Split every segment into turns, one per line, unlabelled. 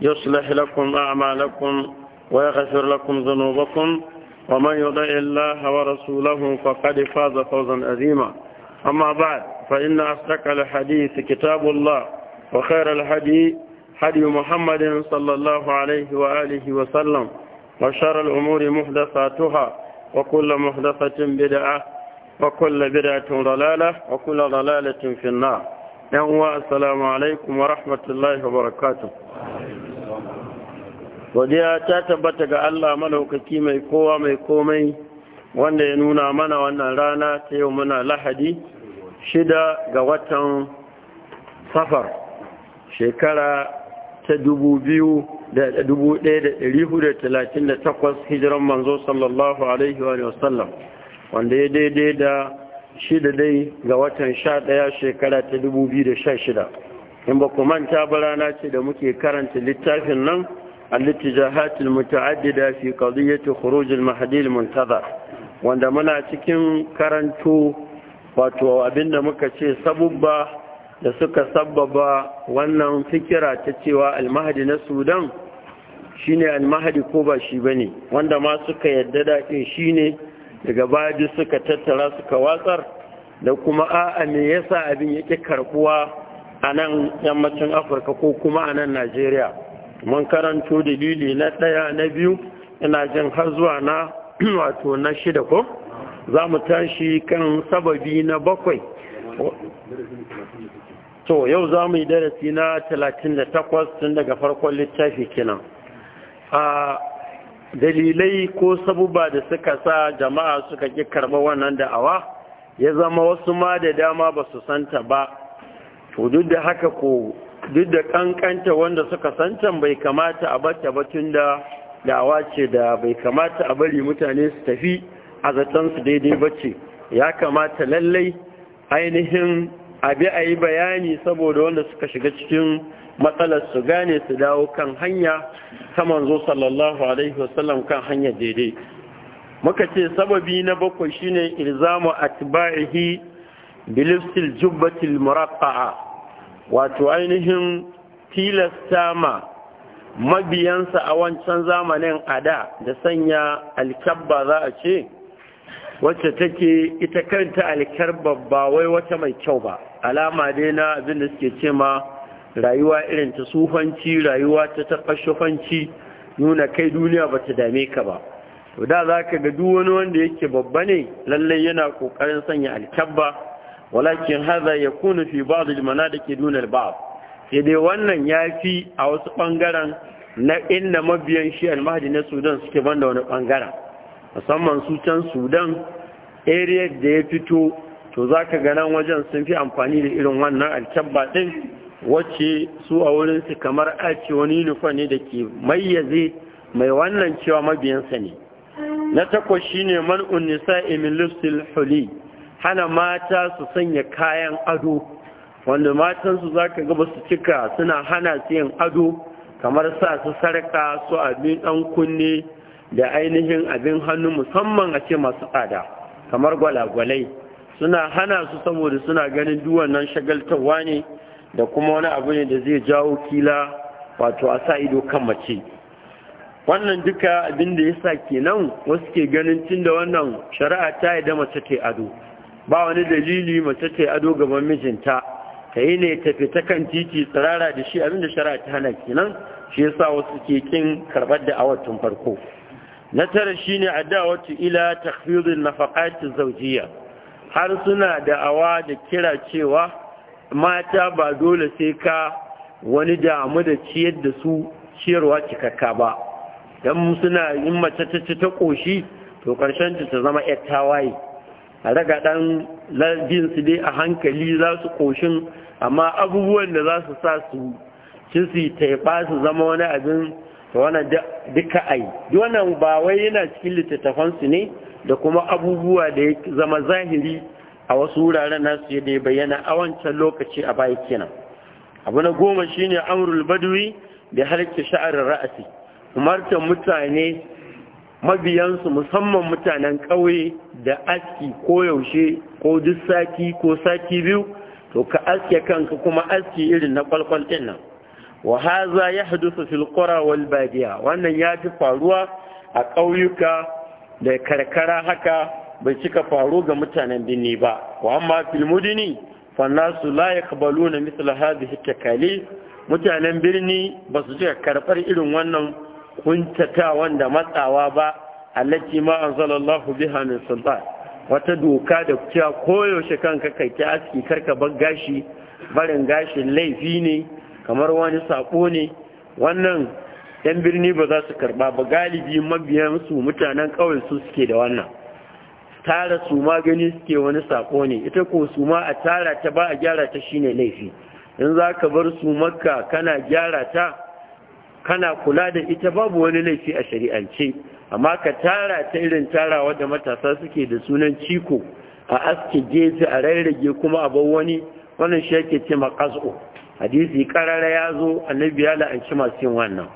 يصلح لكم أعمالكم ويغفر لكم ذنوبكم ومن يضع الله ورسوله فقد فاز فوزا عظيما أما بعد فإن أصدق الحديث كتاب الله وخير الحديث حدي محمد صلى الله عليه وآله وسلم وشر الأمور محدثاتها وكل محدثة بدعة وكل بدعة ضلالة وكل ضلالة في النار يوم السلام عليكم ورحمة الله وبركاته godiya ta tabbata ga Allah malaukaki mai kowa mai komai wanda ya nuna mana wannan rana ta yau muna lahadi shida ga watan safar shekara ta takwas hijiran manzo sallallahu alaihi wa sallam wanda ya daidai da shida dai ga watan sha ɗaya shekara ta shida. in ba kuma ta barana ce da muke karanta littafin nan الاتجاهات المتعددة في قضية خروج المهدي wanda muna cikin karanto wato abinda muka ce sabubba da suka sababa wannan fikira ta cewa almahadi na sudan shine almahadi ko ba shi bane wanda ma suka yadda daɗin shine daga baji suka tattara suka watsar da kuma a'a me yasa abin yake karbuwa a nan yammacin afirka ko kuma a nan najeriya mun karanto dalili na ɗaya na biyu ina jin har zuwa na wato na shida ko za mu tashi kan sababi na bakwai to yau za mu yi darasi na 38 tun daga farkon littafi kenan a dalilai ko sabuba da suka sa jama'a suka ƙi karɓa wannan da'awa ya zama wasu ma da dama ba su santa ba to duk da haka ko duk da kankanta wanda suka san can bai kamata a bata batun da dawa ce da bai kamata a bari mutane su tafi a su daidai bace ya kamata lallai ainihin abi a yi bayani saboda wanda suka shiga cikin matsalar su gane su dawo kan hanya ta manzo sallallahu alaihi wasallam kan hanya daidai muka ce sababi na bakwai shine ilzamu atba'ihi bilistil jubbatil muraqqa'a wato ainihin tilasta ma mabiyansa a wancan zamanin ada da sanya alkabba za a ce wacce take ita kanta alkarba ba wai wata mai kyau ba alama dai na abin da suke ce ma rayuwa irin ta sufanci rayuwa ta takashufanci nuna kai duniya ba ta dame ka ba to da za ka ga duk wani wanda yake babba ne lallai yana ƙoƙarin sanya alkabba walakin ya yakunu fi ba al-manadiki dun al-ba'd sai dai wannan yafi a wasu bangaren na inda mabiyan shi al-mahdi na Sudan suke banda wani ɓangaren, musamman su can Sudan area da ya fito to zaka ga nan wajen sun fi amfani da irin wannan alkabba din wacce su a wurin su kamar a ce wani nufa ne da ke mayyaze mai wannan cewa mabiyansa ne na takwas shine man'un nisa'i min lusil huli hana mata su sanya kayan ado wanda matansu za ka gaba su cika suna hana su yin ado kamar sa su sarka su abin ɗan kunne da ainihin abin hannu musamman a ce masu tsada kamar gwalagwalai suna hana su saboda suna ganin duwannan shagaltarwa ne da kuma wani abu ne da zai jawo kila wato a sa ido kan mace wannan duka abin da ya sa kenan wasu ke ganin tun da wannan shari'a ta yi da mace ta ado ba wani dalili mace ta ado gaban mijinta ta yi ne tafi ta kan titi tsirara da shi abinda shara ta hana kinan, shi yasa wasu ke kin karbar da awatun farko na tara shine watu ila takhfidin nafaqati zawjiyya har suna da awa da kira cewa mata ba dole sai ka wani damu da ciyar da su ciyarwa cikakka ba Dan suna yin mace ta ci ta ƙoshi to ƙarshen ta zama 'yar tawaye A ragaɗan lardin su dai a hankali za su ƙoshin amma abubuwan da za su sa su ci su taiɓa su zama wani abin wani duka ai wannan ba wai yana cikin littattafansu ne da kuma abubuwa da ya zama zahiri a wasu wuraren nasu yadda ya bayyana a wancan lokaci a baya kenan abu na goma shine amrul badwi da harke sha'arar ra'asi umartar mutane mabiyansu musamman mutanen ƙauye da aski ko yaushe ko duk sati ko sati biyu to ka aske kanka kuma aski irin na kwalkwal ɗin nan wa haza ya hadusa fil qura wal badiya wannan ya fi faruwa a ƙauyuka da karkara haka bai cika faru ga mutanen birni ba wa amma fil mudini fa nasu la yaqbaluna mithla hadhihi takalif mutanen birni ba su cika karɓar irin wannan kuntatawan wanda matsawa ba allati ma anzalallahu biha min sultan wata doka da cewa koyaushe kanka kai ta aski karka bar gashi barin gashin laifi ne kamar wani sako ne wannan yan birni ba za su karba ba galibi mabiyan su mutanen kauyen su suke da wannan tara su ma gani suke wani sako ne ita ko su ma a tara ta ba a gyara ta shine laifi in za ka bar su makka kana gyara ta kana kula da ita babu wani laifi a shari'ance amma ka tara ta irin tarawa da matasa suke da sunan ciko a aske gefe a rairage kuma a bar wani wannan shi yake ce maqasu hadisi karara ya zo annabi ya la'anci masu yin wannan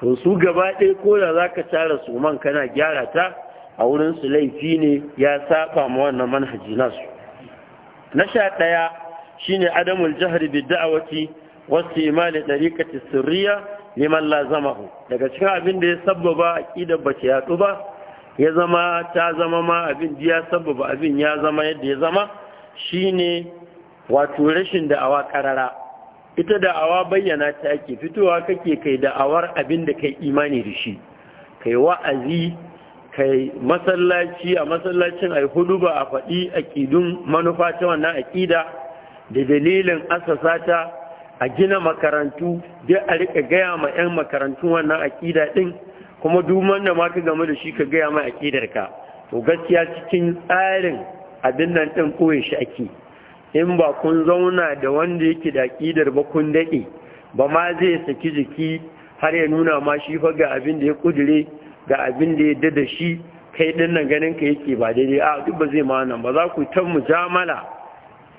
to su gaba ɗaya ko da zaka tara su man kana gyara ta a wurin su laifi ne ya saba ma wannan manhaji nasu na sha ɗaya shine adamul jahri bid da'awati wasu imali dariqati sirriya liman lazamahu daga cikin abin da ya sabbaba aqidar ba ta yadu ba ya zama ta zama ma abin da ya sabbaba abin ya zama yadda ya zama shine wato rashin da'awa karara ita da'awa bayyana ta ake fitowa kake kai da'awar abin da kai imani da shi kai wa'azi kai masallaci a masallacin ai hudu ba a faɗi aƙidun manufa ta wannan aƙida da dalilin asasata. ta a gina makarantu duk a rika gaya ma 'yan makarantun wannan aƙida ɗin kuma duk da ma ka game da shi ka gaya ma akidar ka to gaskiya cikin tsarin abin nan ɗin koye shi ake in ba kun zauna da wanda yake da akidar ba kun daɗe ba ma zai saki jiki har ya nuna ma shi fa ga abin da ya kudure ga abin da ya dada shi kai din nan ganin ka yake ba daidai a duk ba zai ma nan ba za ku ta mujamala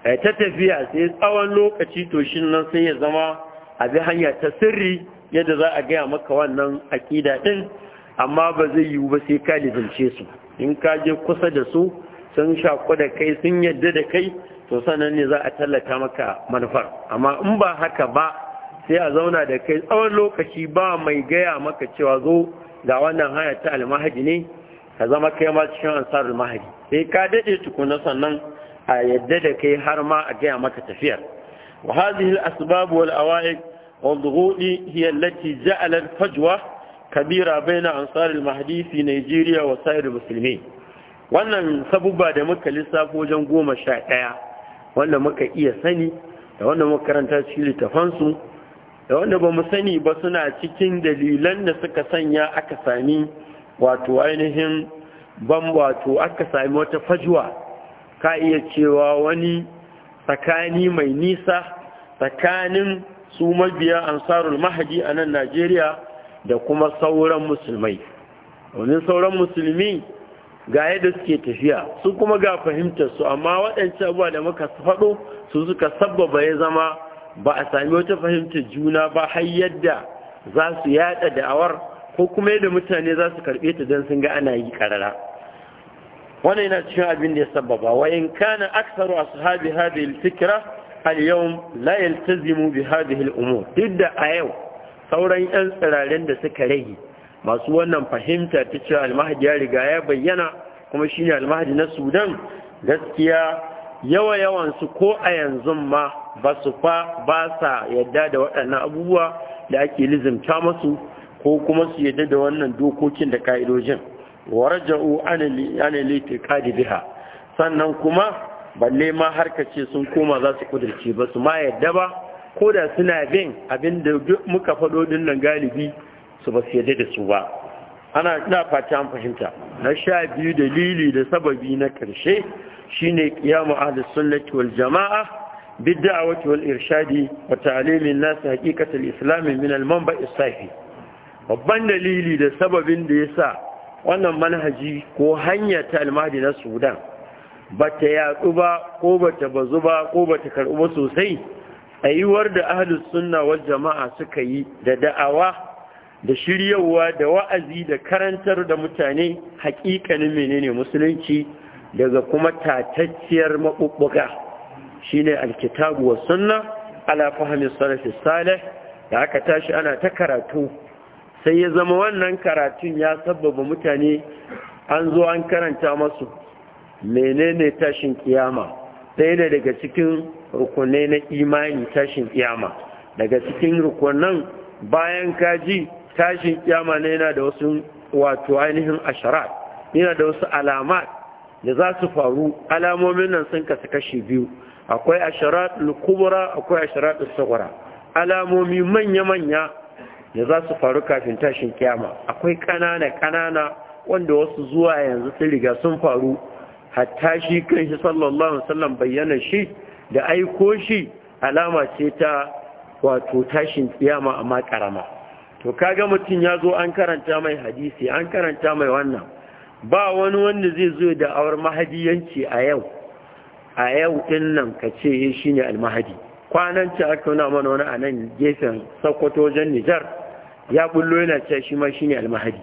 kai ta tafiya sai tsawon lokaci to shi nan sai ya zama a bi hanya ta sirri yadda za a gaya maka wannan aƙida ɗin amma ba zai yiwu ba sai ka lizince su in ka je kusa da su sun shaku da kai sun yadda da kai to sanan ne za a tallata maka manufar amma in ba haka ba sai a zauna da kai tsawon lokaci ba mai gaya maka cewa zo ga wannan haya ta almahadi ne ka zama kai ma cikin ansarul almahadi sai ka daɗe tukuna sannan a yadda da kai har ma a gaya maka tafiyar wa hadhihi al-asbab wal awaiq wal hiya allati ja'ala al-fajwa kabira baina ansar al-mahdi fi Nigeria wa sa'ir muslimin wannan sabubba da muka lissafo wajen goma sha ɗaya wanda muka iya sani da wanda muka karanta littafan su, da wanda bamu sani ba suna cikin dalilan da suka sanya aka sami wato ainihin ban wato aka sami wata fajwa ka iya cewa wani tsakani mai nisa tsakanin su mabiya ansarul mahadi a nan najeriya da kuma sauran musulmai wani sauran musulmi ga yadda suke tafiya su kuma ga fahimtar su amma waɗancan abuwa da muka faɗo su suka sabbaba ya zama ba a sami wata fahimtar juna ba har yadda za su yada da'awar ko kuma yadda mutane za su karɓe ta don sun ga ana yi ƙarara wannan yana cikin abin da ya sababa wa in kana aksaru ashabi hadhihi al-fikra al-yawm la yaltazimu bi hadhihi al-umur didda a yau sauran yan tsiraren da suka rage masu wannan fahimta ta cewa almahdi ya riga ya bayyana kuma shine almahdi na Sudan gaskiya yawa yawan su ko a yanzu ma ba su fa ba sa yadda da waɗannan abubuwa da ake lizimta masu ko kuma su yadda da wannan dokokin da ka'idojin waraja'u ana ana kadi biha sannan kuma balle ma ce sun koma za su kudirce ba su ma yadda ba ko da suna bin abin da muka faɗo dinnan galibi su ba su yadda da su ba ana na fata an fahimta na sha biyu dalili da sababi na karshe shine qiyamu ahlus sunnati wal jamaa بالدعوة والإرشاد nasu الناس حقيقة min من المنبع الصافي babban dalili da sababin da ya sa wannan manhaji ko hanyar ta almahdi na sudan ba ta yaɗu ba ko ba ta bazu ba ko ba ta karɓu ba sosai A tsayuwar da ahalus sunna wal jama'a suka yi da da'awa da shiryawa da wa'azi da karantar da mutane hakikanin menene musulunci daga kuma tatacciyar maɓuɓɓuga Shi ne alkitabuwa suna ala fahmi salafi salih da aka tashi ana ta karatu sai ya zama wannan karatun ya sababa mutane an zo an karanta masu menene tashin kiyama sai da daga cikin rukunai na imani tashin kiyama daga cikin rukunan bayan kaji tashin kiyama ne yana da wasu wato ainihin asharat yana da wasu alama da za su faru alamomin nan sun kasu kashi biyu akwai asharat lukubura akwai asharat al alamomi manya-manya da za su faru kafin tashin kiyama akwai ƙanana ƙanana wanda wasu zuwa yanzu sun riga sun faru hatta shi shi sallallahu alaihi wasallam bayyana shi da aiko shi alama ce ta wato tashin kiyama amma karama to kaga mutum ya zo an karanta mai hadisi an karanta mai wannan ba wani wanda zai zo da awar mahadiyanci a yau a yau din nan ka ce shi ne almahadi kwanan ci aka nuna mana wani a nan gefen sakwato wajen nijar ya bullo yana cewa shi ma shine almahadi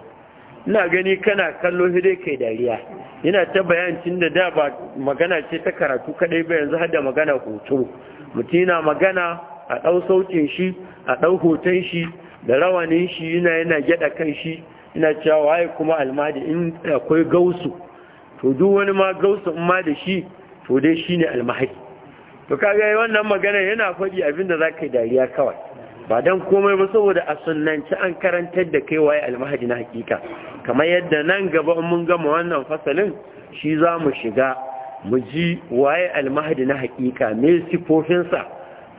ina gani kana kallo shi dai kai dariya yana ta bayancin da da ba magana ce ta karatu kadai ba yanzu har da magana hoto mutum yana magana a ɗau sautin shi a ɗau hoton shi da rawanin shi yana yana gyaɗa kan shi ina cewa waye kuma almahadi in akwai gausu to duk wani ma gausu in ma da shi to dai shine almahadi to kaga wannan magana yana faɗi abinda da za ka yi dariya kawai ba don komai ba saboda a sunanci an karantar da kai waye almahadi na hakika kamar yadda nan gaba mun gama wannan fasalin shi za mu shiga mu ji waye almahadi na hakika me sifofinsa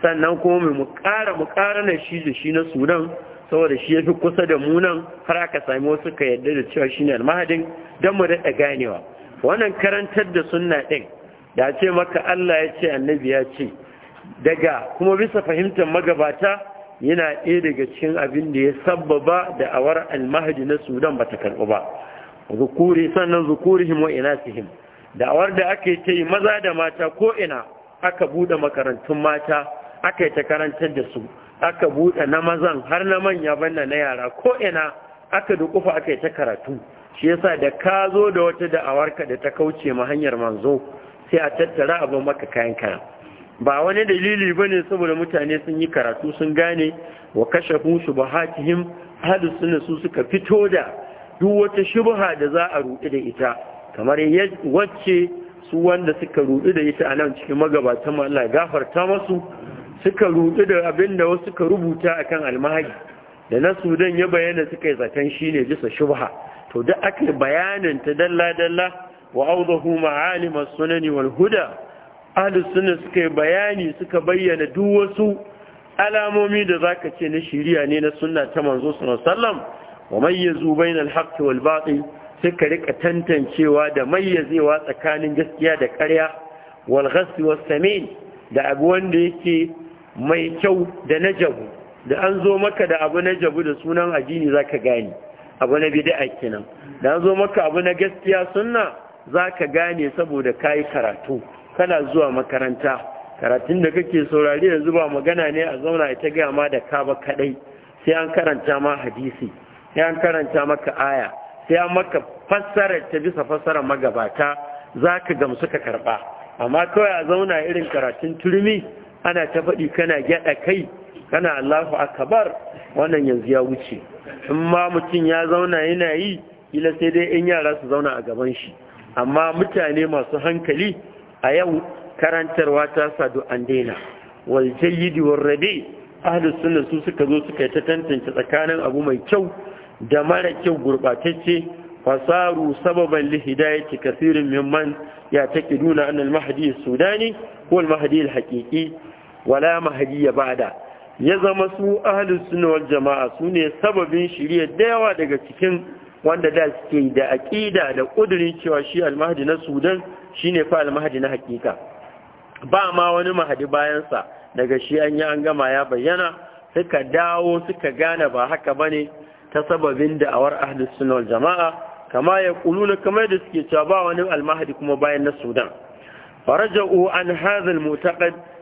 sannan kuma mu ƙara mu ƙara na shi da shi na sunan saboda shi ya fi kusa da mu nan har aka sami wasu ka yarda da cewa shi ne almahadin don mu daɗa ganewa wannan karantar da sunna ɗin da ce maka Allah ya ce annabi ya ce daga kuma bisa fahimtar magabata yana ɗaya daga cikin abin da ya sabbaba da awar almahadi na sudan ba ta karɓi ba zukuri sannan zukurihim wa inasihim da awar da aka yi ta yi maza da mata ko ina aka buɗe makarantun mata aka yi ta karantar da su aka buɗe na mazan har na manya banna na yara ko ina aka dukufa aka yi ta karatu shi yasa da ka zo da wata da'awarka da ta kauce ma hanyar manzo sai a tattara abin maka kayan kayan ba wani dalili ba ne saboda mutane sun yi karatu sun gane wa kashe kashafin shubahatihim hadu suna su suka fito da duk wata shubha da za a ruɗu da ita kamar wacce su wanda suka ruɗu da ita a nan cikin magabatan Allah gafarta masu suka ruɗu da abin da wasu suka rubuta akan almahadi da na sudan ya bayyana suka yi zaton shi ne bisa shubha to duk aka bayanin ta dalla-dalla wa auzahu ma'alimar sunani wal huda sunna suka yi bayani suka bayyana duk wasu alamomi da za ka ce na shiriya ne na sunna ta manzo sallam wa mayyazu bainal haqqi wal batil suka rika tantancewa da mayyazewa tsakanin gaskiya da ƙarya wal ghasl was samin da abu wanda yake mai kyau da najabu da an zo maka da abu najabu da sunan addini zaka gane abu na bid'a kenan da an zo maka abu na gaskiya sunna zaka gane saboda kai karatu kana zuwa makaranta karatun da kake saurari yanzu ba magana ne a zauna ita gaya ma da ka ba kadai sai an karanta ma hadisi sai an karanta maka aya sai an maka fassara ta bisa fassara magabata za ka gamsu ka karba amma kawai a zauna irin karatun turmi ana ta faɗi kana gyaɗa kai kana Allahu Akabar. wannan yanzu ya wuce in ma mutum ya zauna yana yi ila sai dai in yara su zauna a gaban shi amma mutane masu hankali a yau karantarwa ta sadu an daina wal jayyidi wal rabi ahli sunna su suka zo suka ta tantance tsakanin abu mai kyau da mara kyau gurbatacce fasaru sababan li hidayati kasirin mimman ya taqiduna anna al mahdi sudani ko al mahdi al haqiqi wala mahdi ba'da ya zama su ahli sunna wal jama'a su ne sababin shirya da yawa daga cikin wanda da suke da aƙida da ƙudurin cewa shi almahadi na sudan shi ne fa almahadi na hakika ba ma wani mahadi bayansa daga shi an yi an gama ya bayyana suka dawo suka gane ba haka ba ne ta sababin da'awar ahlus sunna wal jama'a kama ya kuluna kama da suke cewa ba wani almahadi kuma bayan na sudan faraja'u an hazal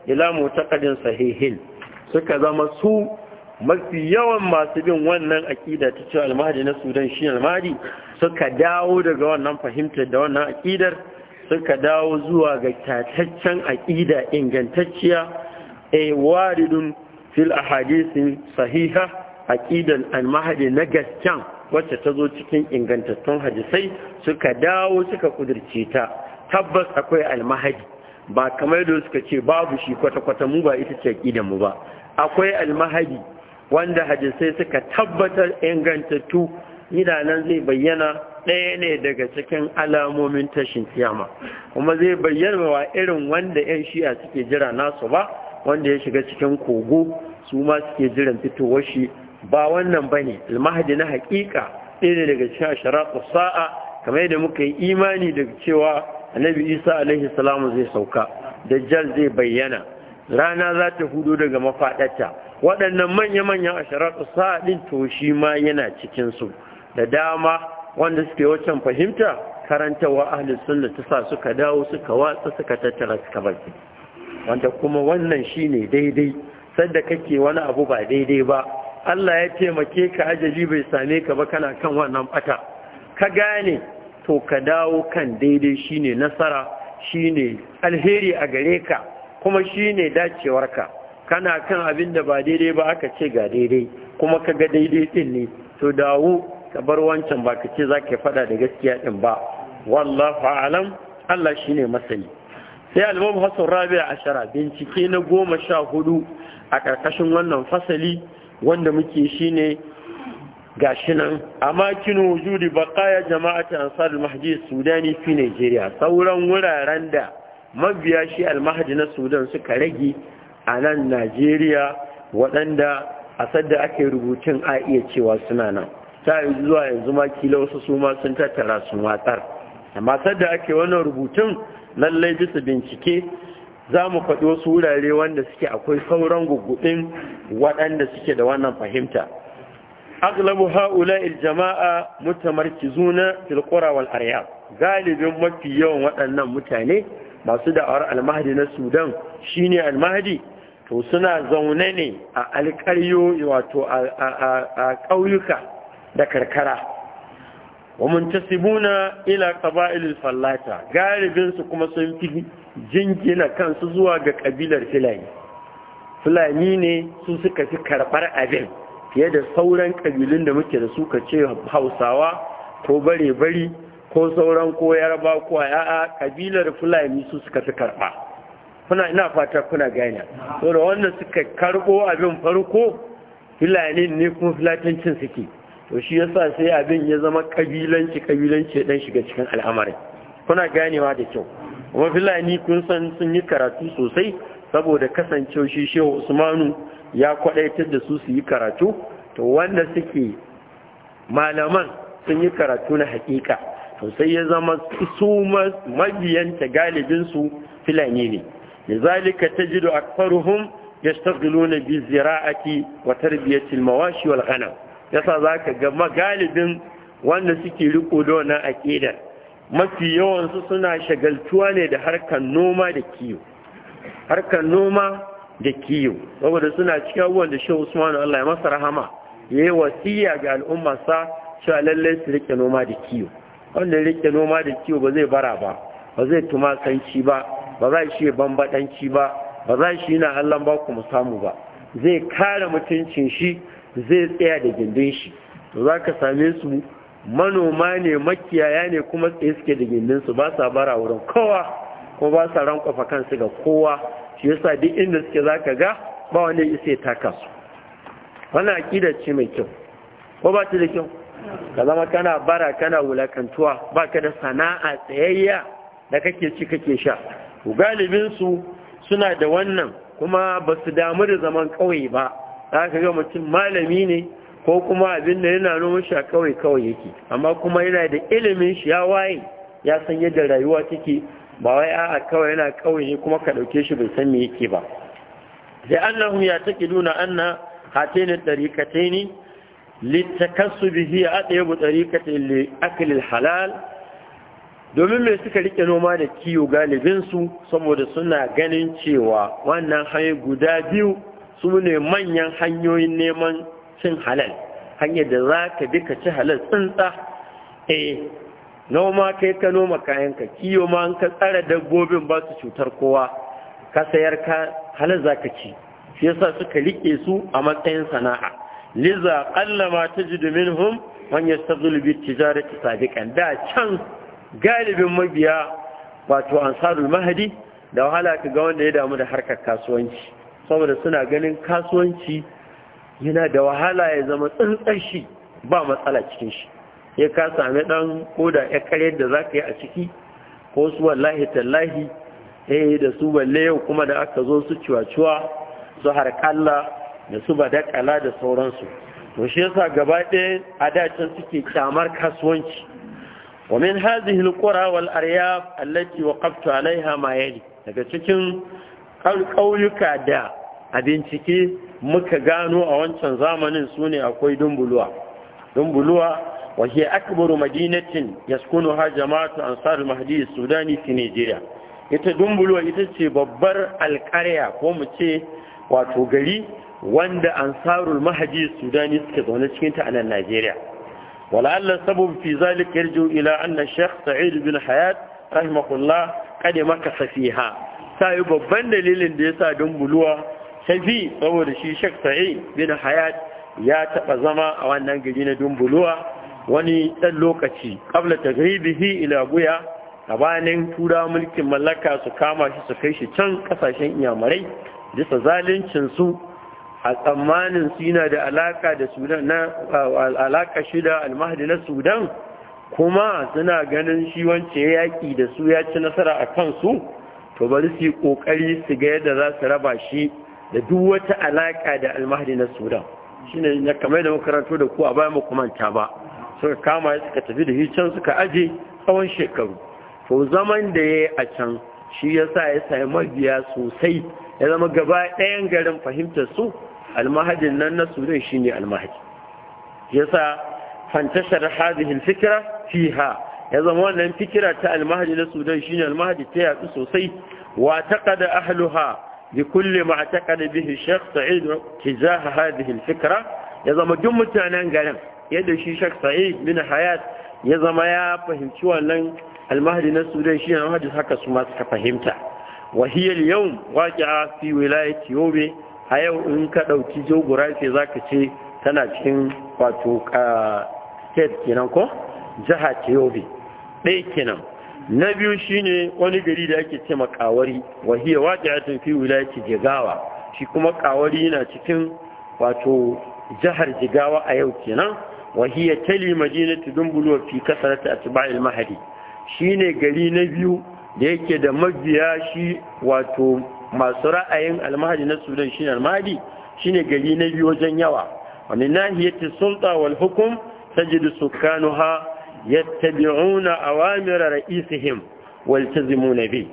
ila mu'taqadin sahihin suka zama su mafi yawan masu bin wannan aƙida ta cewa almahadi na sudan shi almahadi suka dawo daga wannan fahimtar da wannan aƙidar suka dawo zuwa ga tataccen aƙida ingantacciya a waridun fil ahadisin sahiha aƙidan almahadi na gasken wacce ta zo cikin ingantattun hadisai suka dawo suka ƙudurce ta tabbas akwai almahadi ba kamar da suka ce babu shi kwata-kwata mu ba ita ce aƙidan mu ba akwai almahadi wanda hadisai suka tabbatar ingantattu idanan nan zai bayyana ɗaya ne daga cikin alamomin tashin kiyama kuma zai bayyana wa irin wanda 'yan shi'a suke jira nasu ba wanda ya shiga cikin kogo su ma suke jiran fitowar shi ba wannan ba ne almahadi na haƙiƙa ɗaya ne daga cikin asharaku sa'a kamar yadda muka yi imani daga cewa annabi isa alaihi salamu zai sauka dajjal zai bayyana rana za ta hudu daga mafaɗata waɗannan manya-manyan asharatu sa'adin to shi ma yana cikinsu da dama wanda suke wacan fahimta karantawa ahlus sunna ta sa suka dawo suka watsa suka tattara suka baki wanda kuma wannan shine daidai sadda kake wani abu ba daidai ba Allah ya taimake ka ajali bai same ka ba kana kan wannan bata ka gane to ka dawo kan daidai shine nasara shine alheri a gare ka kuma shi ne dacewarka kana kan abin da ba daidai ba aka ce ga daidai kuma ka ga daidai din ne to dawo ka bar wancan ba ka ce za ka faɗa da gaskiya ɗin ba wallahu alam Allah shi ne masani sai albamu hassan rabia ashara bincike na goma sha hudu a ƙarƙashin wannan fasali wanda muke shi ne gashi nan a makin wujudi baƙaya ta ansar mahdi sudani fi nigeria sauran wuraren da mabiya shi almahadi na sudan suka rage a nan najeriya waɗanda a sadda ake rubutun a iya cewa suna nan ta yi zuwa yanzu ma kila wasu su sun tattara sun matsar amma sadda ake wannan rubutun lallai bisa bincike za mu faɗi wasu wurare wanda suke akwai sauran guguɗin waɗanda suke da wannan fahimta aglabu ha'ula jama'a mutamarkizuna fil qura wal galibin mafi yawan waɗannan mutane masu da'awar almahadi na sudan shine almahadi to suna zaune ne a alƙaryo wato a ƙauyuka da karkara wamuntasibuna ila qaba'il fallata galibin su kuma sun fi jingina kansu zuwa ga ƙabilar filani filani ne su suka fi karɓar abin fiye da sauran ƙabilun da muke da suka ce hausawa ko bare-bari ko sauran ko yarba ko a'a kabilar fulani su suka su karba kuna ina fata kuna gane to da wanda suka karbo abin farko fulani ne kuma fulatancin suke to shi yasa sai abin ya zama kabilanci kabilanci dan shiga cikin al'amarin kuna ganewa da kyau kuma fulani kun san sun yi karatu sosai saboda kasancewa shi shehu usmanu ya kwadaitar da su su yi karatu to wanda suke malaman sun yi karatu na hakika to sai ya zama su mabiyanta galibinsu filani ne da zalika ta jido a faruhun ya stagilona bi zira'ati wa tarbiyyacin mawashi wal ghanam yasa za ka ga magalibin wanda suke riko da wannan aƙidar mafi yawansu suna shagaltuwa ne da harkan noma da kiyo harkar noma da kiyo saboda suna cikin abubuwan da shi usmanu allah ya masa rahama ya yi wasiya ga al'ummarsa cewa lallai su rike noma da kiyo wanda ya rike noma da kiwo ba zai bara ba ba zai tumakanci ba ba za shi bambadanci ba ba za shi na allon ba mu samu ba zai kare mutuncin shi zai tsaya da gindin shi to za ka same su manoma ne makiyaya ne kuma tsaye suke da gindin su ba sa bara wurin kowa ko ba sa rankwafa kansu ga kowa shi yasa duk inda suke za ka ga ba wani isai isa ya taka su wannan aƙidar ce mai kyau ko ba ta da kyau ka zama kana bara kana wulakantuwa ba ka da sana'a tsayayya da kake ci kake sha galibinsu suna da wannan kuma ba su damu da zaman kawai ba za ka ga mutum malami ne ko kuma abin da yana noman shi a kawai kawai yake amma kuma yana da ilimin shi ya waye ya san yadda rayuwa take ba wai a'a kawai yana kawai ne kuma ka ɗauke shi bai san me yake ba sai annahum ya taqiduna anna hatayni tariqataini litakassubi hiya bu tariqatin li akli halal domin me suka rike noma da kiyo galibinsu saboda suna ganin cewa wannan hanyar guda biyu sune manyan hanyoyin neman cin halal hanyar da za ka bi ka ci halal tsuntsa eh noma kai ka noma kayanka kiyo ma ka tsara dabbobin ba su cutar kowa ka sayar ka halal za ka ci shi yasa suka rike su a matsayin sana'a liza kallama ta ji domin hun wanyar bi tijarar ta da can galibin mabiya wato ansarul mahadi da wahala ka ga wanda ya damu da harkar kasuwanci saboda suna ganin kasuwanci yana da wahala ya zama tsantsar shi ba matsala cikin shi ya ka sami dan koda ya kare da za ka yi a ciki ko su wallahi tallahi eh da su balle yau kuma da aka zo su ciwa-ciwa su harƙalla da su ba dakala da sauransu to shi yasa gaba ɗaya a suke kyamar kasuwanci wa min hadhihi alqura wal aryab allati waqaftu alaiha ma yali daga cikin ƙauyuka da a bincike muka gano a wancan zamanin sune akwai dumbuluwa dumbuluwa wa hiya akbaru madinatin yaskunuha jama'atu ansar al-mahdi sudani fi nigeria ita dumbuluwa ita ce babbar alƙarya ko mu ce wato gari wanda ansarul mahaji sudani suke zaune cikin ta a nan najeriya wala'allar sabon fi zalika yarju ila anna sheikh sa'id bin hayat rahimahullah kade maka safiha sai babban dalilin da ya sa don buluwa shafi saboda shi sheikh sa'id bin hayat ya taba zama a wannan gari na dumbuluwa wani dan lokaci ta tagribihi ila guya gabanin tura mulkin mallaka su kama shi su kai shi can kasashen iyamarai bisa zalincin su a tsammanin su da alaka da sudan na alaka shida almahdi na sudan kuma suna ganin shi wance yaƙi da su ya ci nasara a kansu to bari su yi ƙoƙari su ga yadda za su raba shi da duk wata alaka da almahdi na sudan ne na kamar da makarantu da ku a baya makamanta ba suka kama ya suka tafi da hicen suka aje tsawon shekaru to zaman da ya yi a can shi ya sa ya sami mabiya sosai ya zama gaba ɗayan garin fahimtar su almahajin nan na sudan ne almahaji yasa fantashar hadhihi alfikra fiha ya zama wannan fikira ta almahaji na sudan shine almahaji ta yatsu sosai wa taqada ahluha bi kulle ma taqada bihi shaykh sa'id tijaha hadhihi fikira. ya zama duk mutanen garin yadda shi shaykh sa'id bin hayat ya zama ya fahimci wannan almahadi na sudan shi almahaji haka su ma suka fahimta wahiyar yau waƙi a fi wilayar yobe a yau in ka ɗauki geography za ka ce tana cikin wato state kenan ko jiha ce ɗaya kenan na biyu shine wani gari da ake ce makawari wahiyar waƙiyatin fi yake jigawa shi kuma kawari yana cikin wato jihar jigawa a yau kenan wahiyar tali tudun buluwa fi kasar ta tiba'il mahari shine gari na biyu da yake da mabiya shi wato masu ra'ayin almahadi na sudan shine almahadi shine gari na biyu wajen yawa wani nahiyati sulta wal hukm tajidu sukanuha yattabi'una awamira ra'isihim wal tazimuna bi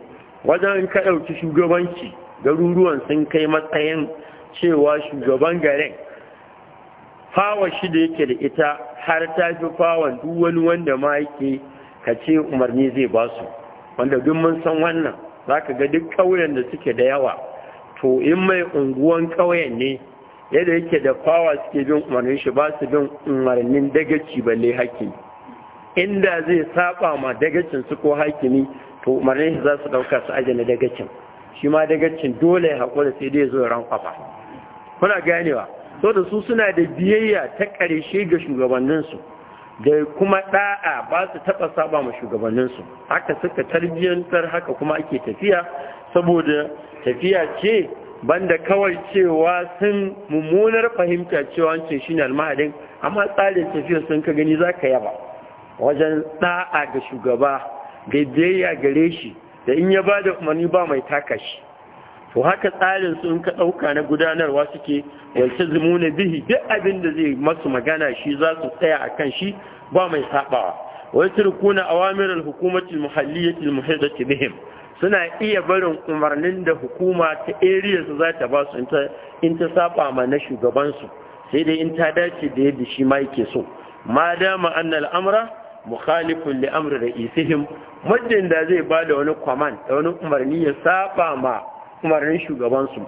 wajen ka dauki shugabanci garuruwan sun kai matsayin cewa shugaban garin fawa shi da yake da ita har ta fi fawon duk wani wanda ma yake ka ce umarni zai basu, su wanda duk mun san wannan za ka ga duk ƙauyen da suke da yawa to in mai unguwan ƙauyen ne yadda yake da fawa suke bin umarnin shi ba su bin umarnin dagaci balle hakimi inda zai saba ma dagacin su ko hakimi to umarnin shi za su ɗauka su aji na dagacin shi ma dagacin dole ya haƙura sai dai zo ya rankwafa kuna ganewa so da su suna da biyayya ta ƙarshe ga shugabanninsu da kuma da'a ba su taɓa saba ma shugabanninsu haka suka tarbiyyantar haka kuma ake tafiya saboda tafiya ce banda kawai cewa sun mummunar fahimta cewa wancan shine almahadin amma tsarin tafiyar sun ka gani za ka yaba wajen da'a ga shugaba da biyayya gare shi da in ya ba da umarni ba mai taka shi to haka tsarin su in ka ɗauka na gudanarwa suke yalce zumuna bihi duk abin da zai masu magana shi za su tsaya a kan shi ba mai saɓawa wai turkuna awamir al-hukumati al muhaddati bihim suna iya barin umarnin da hukuma ta area su za ta ba su in ta saba ma na shugaban su sai dai in ta dace da yadda shi ma yake so ma dama anna al mukhalifun li amri ra'isihim muddin da zai ba da wani command da wani umarni ya saba ma umarnin shugabansu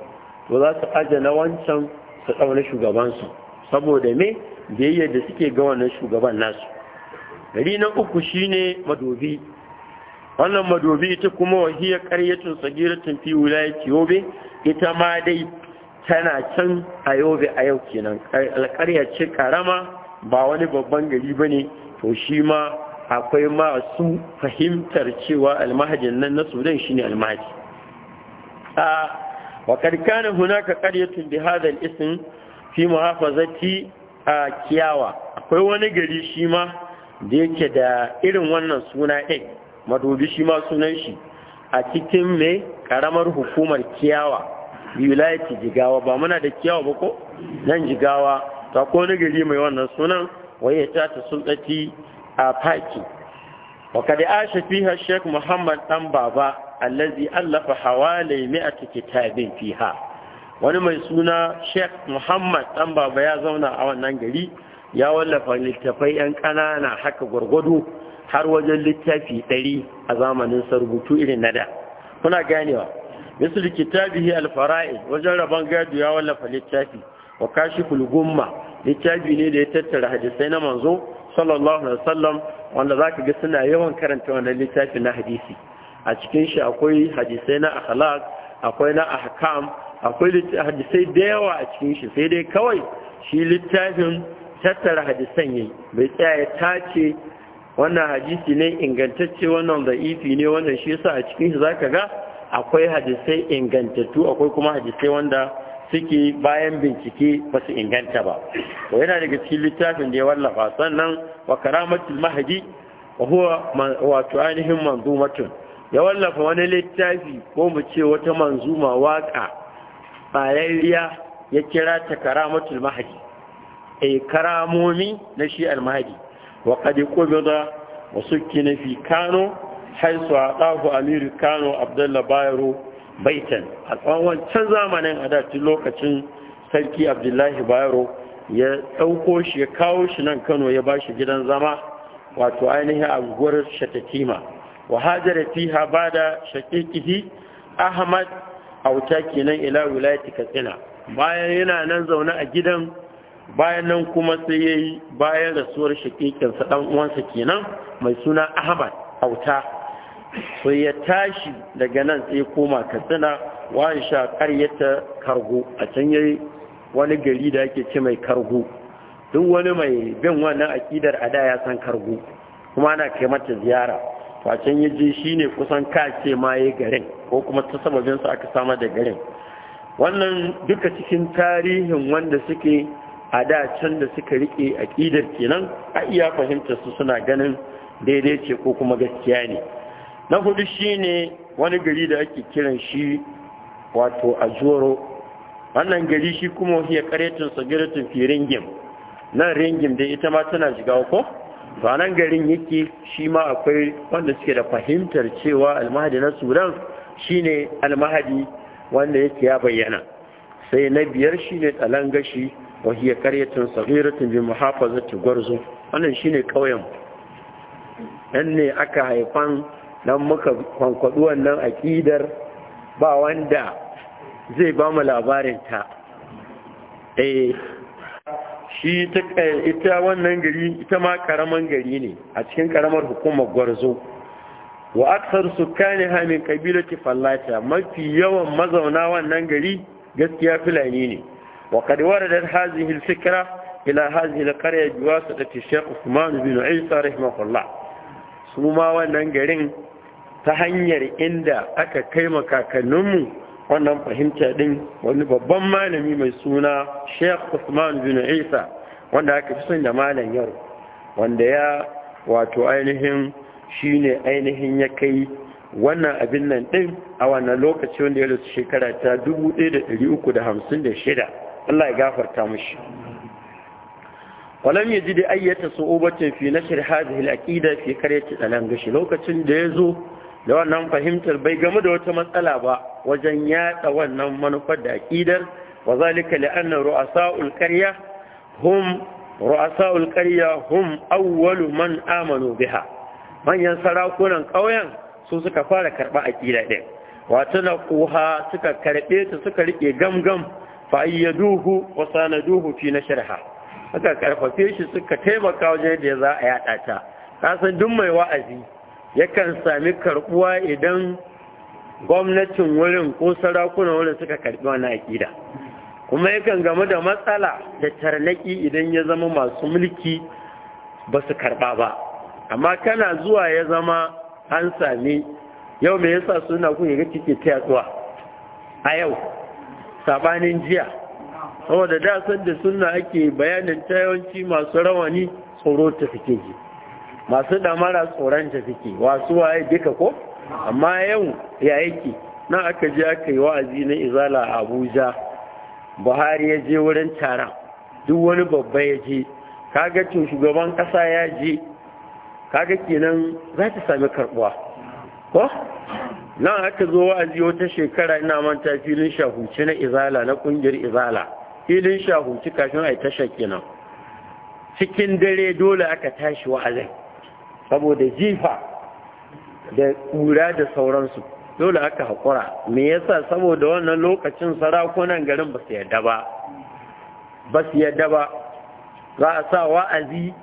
to za su aje na wancan su shugaban shugabansu saboda me biyayyar da suke ga wannan shugaban nasu gari na uku shine madobi wannan madobi ita kuma wahiyar ƙaryatun tsagiratun fi wilayati yobe ita ma dai tana can a yobe a yau kenan alƙarya ce karama ba wani babban gari ba ne to shi ma akwai masu fahimtar cewa almahajin nan na sudan shine almahajin a wa karkana hunaka qaryatun bi hadha al-ism fi muhafazati a kiyawa akwai wani gari shi ma da yake da irin wannan suna ɗin madubi shi ma sunan shi a cikin mai karamar hukumar kiyawa wilayati jigawa ba muna da kiyawa ba ko nan jigawa ta ko wani gari mai wannan sunan waye ta ta tsuntsati a faki wa kada asha fiha sheikh muhammad dan baba allazi allafa hawalai mi'ati kitabin fiha wani mai suna Sheikh Muhammad dan baba ya zauna a wannan gari ya wallafa littafai yan ƙanana haka gwargwado har wajen littafi ɗari a zamanin sarbutu irin na da kuna ganewa misali kitabihi al-fara'i wajen rabon gado ya wallafa littafi wa kashiful gumma littafi ne da ya tattara hadisai na manzo sallallahu alaihi wasallam wanda zaka ga suna yawan karanta wannan littafi na hadisi a cikin shi akwai hadisai na akhlaq akwai na ahkam akwai hadisai da yawa a cikin shi sai dai kawai shi littafin tattara hadisan yayi bai tsaya ya tace wannan hadisi ne ingantacce wannan da'ifi ne wannan shi yasa a cikin shi zaka ga akwai hadisai ingantattu akwai kuma hadisai wanda suke bayan bincike ba su inganta ba to yana daga cikin littafin da ya wallafa sannan wa karamatul mahdi wa huwa wato ainihin manzumatun ya wallafa wani littafi ko mu ce wata manzuma waka bayayya ya kira ta karamatul mahadi a eh, karamomi na shi almahadi wa kadi kubida wa sukkina fi kano haisu a ɗafu amiru kano abdullahi bayero baitan a tsawon wancan zamanin a datin lokacin sarki abdullahi bayero ya ɗauko shi ya kawo shi nan kano ya ba shi gidan zama wato ainihin a gwar shatatima wa hajara fiha bada shaqiqihi ahmad auta kenan ila wilayati katsina bayan yana nan zaune a gidan bayan nan kuma sai yayi bayan rasuwar shaqiqin ɗan uwansa kenan mai suna ahmad auta sai ya tashi daga nan sai koma katsina wa sha karyata kargo a can yayi wani gari da ake ce mai kargo duk wani mai bin wannan akidar da ya san kargo kuma ana kai mata ziyara Facen ya je yaje shine kusan kace ma ya garin ko kuma ta sababin sa aka samar da garin wannan duka cikin tarihin wanda suke a da can da suka rike ƙidar kenan a iya fahimtar su suna ganin daidai ce ko kuma gaskiya ne na hudu shine wani gari da ake kiran shi wato a zoro. wannan gari shi kuma ya karetin sagiratun fi nan ringim da ita ma tana Jigawa ko ranar garin yake shi ma akwai wanda suke da fahimtar cewa almahadi na sudan shine almahadi wanda yake ya bayyana sai na biyar shine tsalan gashi wahiyar karyatun tsagiratun bin muhafazatu gwarzo wannan shine kauyen nan ne aka haifan nan muka kwankwaɗu wannan aƙidar ba wanda zai ba mu labarin ta eh shi eh, ita wannan gari ita ma karaman gari ne a cikin karamar hukumar gwarzo wa aksar su kane hamin kabilati fallata mafi yawan mazauna wannan gari gaskiya fulani ne wa kadwara da hazihi fikra ila hazihi alqarya biwasa da Sheikh Usman bin Isa rahimahullah su ma wannan garin ta hanyar inda aka kai makakanninmu wannan fahimta din wani babban malami mai suna Sheikh Usman bin Isa wanda aka fi son da malam yaro wanda ya wato ainihin shine ainihin ya kai wannan abin nan din a wannan lokaci wanda ya rasu shekara ta 1356 Allah ya gafarta mushi walam yaji da ayyata su'ubatin fi nashr hadhihi al-aqida fi qaryati shi. lokacin da yazo da wannan fahimtar bai game da wata matsala ba wajen yatsa wannan manufar da aƙidar wa zalika li'anna ru'asa'ul qarya hum ru'asa'ul qarya hum awwalu man amanu biha manyan sarakunan ƙauyen su suka fara karɓa aƙida ɗin wata na kuha suka karɓe ta suka riƙe gamgam fa ayyaduhu wa sanaduhu fi nashrha suka karfafe shi suka taimaka wajen da za a yaɗa ta kasan duk mai wa'azi yakan sami karbuwa idan gwamnatin wurin ko sarakuna wurin suka karbi wani aƙida kuma yakan gamu da matsala da tarnaki idan ya zama masu mulki ba su karba ba amma kana zuwa ya zama an sami yau me yasa suna ku ga cike ta yatsuwa a yau sabanin jiya saboda da san da sunna ake bayanin ta yawanci masu rawani tsoro ta suke ji masu damara ta suke wasu waye duka ko amma yau ya yake na aka je aka yi wa'azi na izala a abuja buhari ya je wurin taron duk wani babba ya je kaga cin shugaban kasa ya je kaga kenan za ta sami karbuwa ko nan aka zo wa'azi wata shekara ina manta filin shahuci na izala na kungiyar izala filin shahuci kafin a yi tasha kenan cikin dare dole aka tashi wa'azai saboda jifa da ƙura da sauransu dole aka haƙura me yasa saboda wannan lokacin sarakunan garin ba su yadda ba ba su yadda ba za a sa wa'azi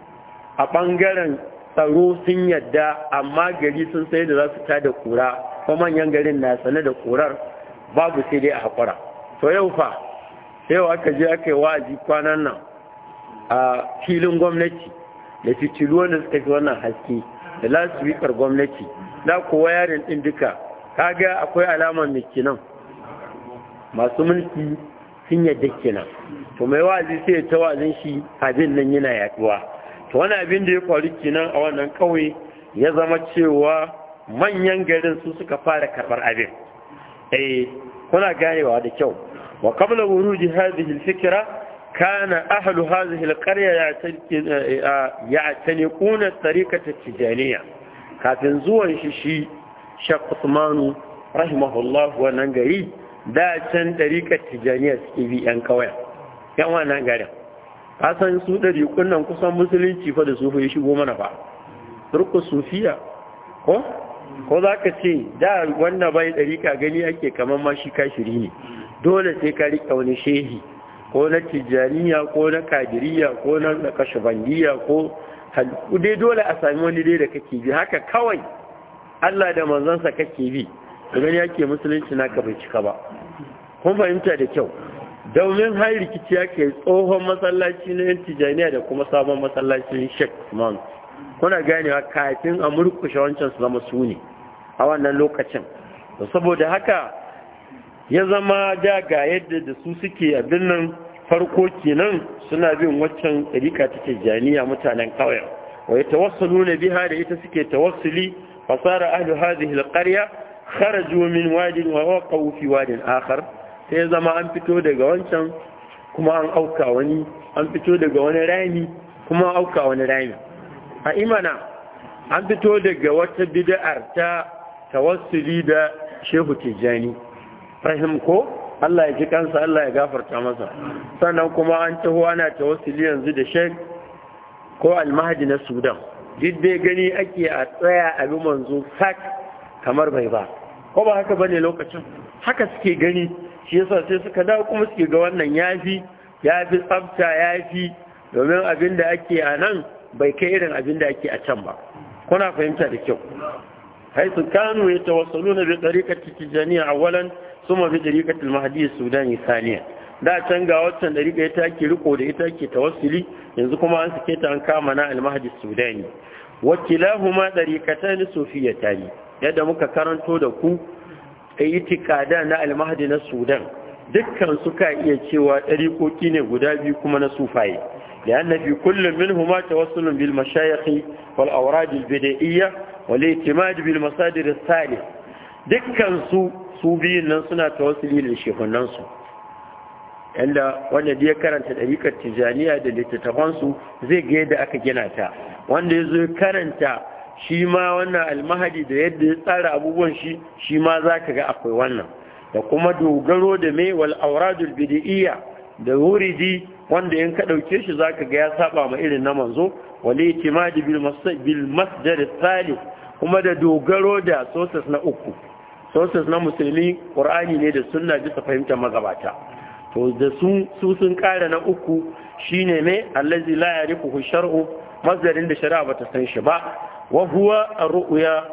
a ɓangaren tsaro sun yadda amma gari sun sai da za su ta da kura ko manyan garin na sane da ƙurar babu sai dai a haƙura to yau fa sai aka je aka yi wa'azi kwanan nan a filin gwamnati da fitilu da suka fi wannan haske da lasifikar gwamnati na kowa yarin ɗin duka kaga akwai alamar kinan masu mulki sun yadda kenan to mai wazi sai ya ta wa'azin shi abin nan yana yaduwa to wani abin da ya faru kenan a wannan ƙauye ya zama cewa manyan garin su suka fara karɓar abin eh kuna ganewa da kyau wa qabla wuruji hadhihi al-fikra kana ahlu hadhihi alqarya ya'taniquna tariqat at-tijaniyya kafin zuwan shi shi Sheikh Usmanu rahimahullah wannan gari da can tariqat tijaniyya suke bi yan kawai yan wannan garin kasan su ɗariƙun nan kusan musulunci fa da sufa ya shigo mana ba turku sufiya ko za ka ce da wanda bai ɗariƙa gani ake kamar ma shi kashiri ne dole sai ka riƙa wani shehi ko na tijjaniya ko na kadiriya ko na kashabandiya ko dai dole a sami wani dai da kake bi haka kawai Allah da manzansa kake bi domin yake musulunci naka bai cika ba kun fahimta da kyau domin har rikici yake tsohon masallaci na yan tijjaniya da kuma sabon masallacin shek man kuna ganewa kafin a murkushe wancan su zama su a wannan lokacin saboda haka ya zama da ga yadda da su suke abin nan farko kenan suna bin waccan ɗarika ta tijjaniya mutanen ƙauyen wai tawassalu na biha da ita suke tawassuli fasara ahlu hadhihi alqarya kharaju min wadin wa waqafu fi wadin akhar sai zama an fito daga wancan kuma an auka wani an fito daga wani rami kuma an auka wani rami a imana an fito daga wata bid'ar ta tawassuli da shehu tijjani fahim ko Allah ya ji kansa Allah ya gafarta masa sannan kuma an taho ana wasili yanzu da shek ko almahadi na sudan duk dai gani ake a tsaya a bi manzo sak kamar bai ba ko ba haka bane lokacin haka suke gani shi yasa sai suka dawo kuma suke ga wannan yafi yafi tsafta yafi domin abin da ake a nan bai kai irin abin da ake a can ba kuna fahimta da kyau haitu kanu ya tawassalu na bi tariqati a awalan suma bi dariqatil mahdi sudani saniya da can ga waccan dariqa ita ke riko da ita ke tawassuli yanzu kuma an sake ta an kama na al mahdi sudani wakilahuma dariqatan sufiyatani yadda muka karanto da ku itikada na al mahdi na sudan dukkan suka iya cewa dariqoki ne guda biyu kuma na sufaye لأن في كل منهما توصل بالمشايخ والأوراد البدائية والاعتماد بالمصادر الثالث دكا سوء su biyun nan suna ta tawassuli da shehunansu Yadda wanda da ya karanta ɗariƙar tijaniya da littattafansu zai ga yadda aka gina ta wanda ya zo karanta shi ma wannan almahadi da yadda ya tsara abubuwan shi shi ma za ka ga akwai wannan da kuma dogaro da mai wal auradul bidiyya da wuridi wanda in ka ɗauke shi za ka ga ya saba ma irin na manzo wale itimadi bil masdar salih kuma da dogaro da sources na uku sources na musulmi ƙur'ani ne da sunna bisa fahimtar magabata to da su sun kare na uku shine me allazi la yarifu shar'u mazdarin da shari'a bata san shi ba wa huwa ar-ru'ya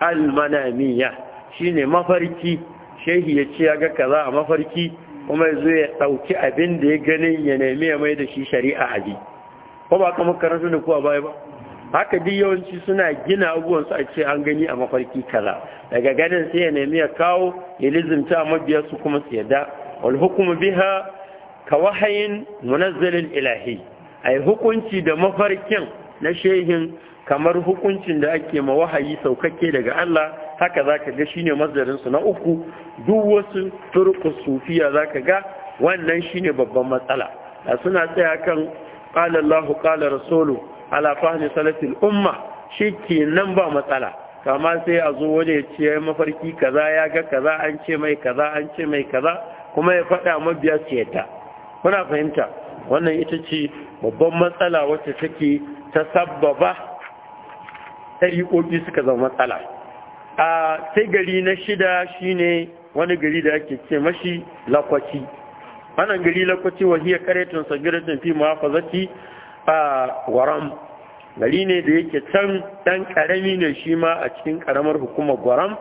al-manamiyya shine mafarki shehi ya ce ga kaza a mafarki kuma yazo ya dauki abin da ya ganin ya nemi ya mai da shi shari'a aji ko ba kamar karatu ne ko a baya ba haka duk yawanci suna gina abubuwansu a ce an gani a mafarki kaza daga ganin sai ya nemi ya kawo ya lizimta mabiyarsu kuma su yadda wal hukumu biha ka wahayin munazzalin ilahi ai hukunci da mafarkin na shehin kamar hukuncin da ake ma wahayi saukakke daga Allah haka zaka ga shine mazdarin su na uku duk wasu turku sufiya zaka ga wannan shine babban matsala suna tsaya kan qala Allahu qala rasuluhu ala fahmi salatil umma ke nan ba matsala kama sai a zo wani ya ce mafarki kaza ya ga kaza an ce mai kaza an ce mai kaza kuma ya faɗa mabiya su yadda kuna fahimta wannan ita ce babban matsala wacce take ta sabbaba ɗariƙoƙi suka zama matsala a sai gari na shida shine wani gari da ake ce mashi lakwaci wannan gari lakwaci wahiyar karetun sagiratun fi mahafazati a waram gari ne da yake can dan karami ne shi ma a cikin karamar hukumar gwaram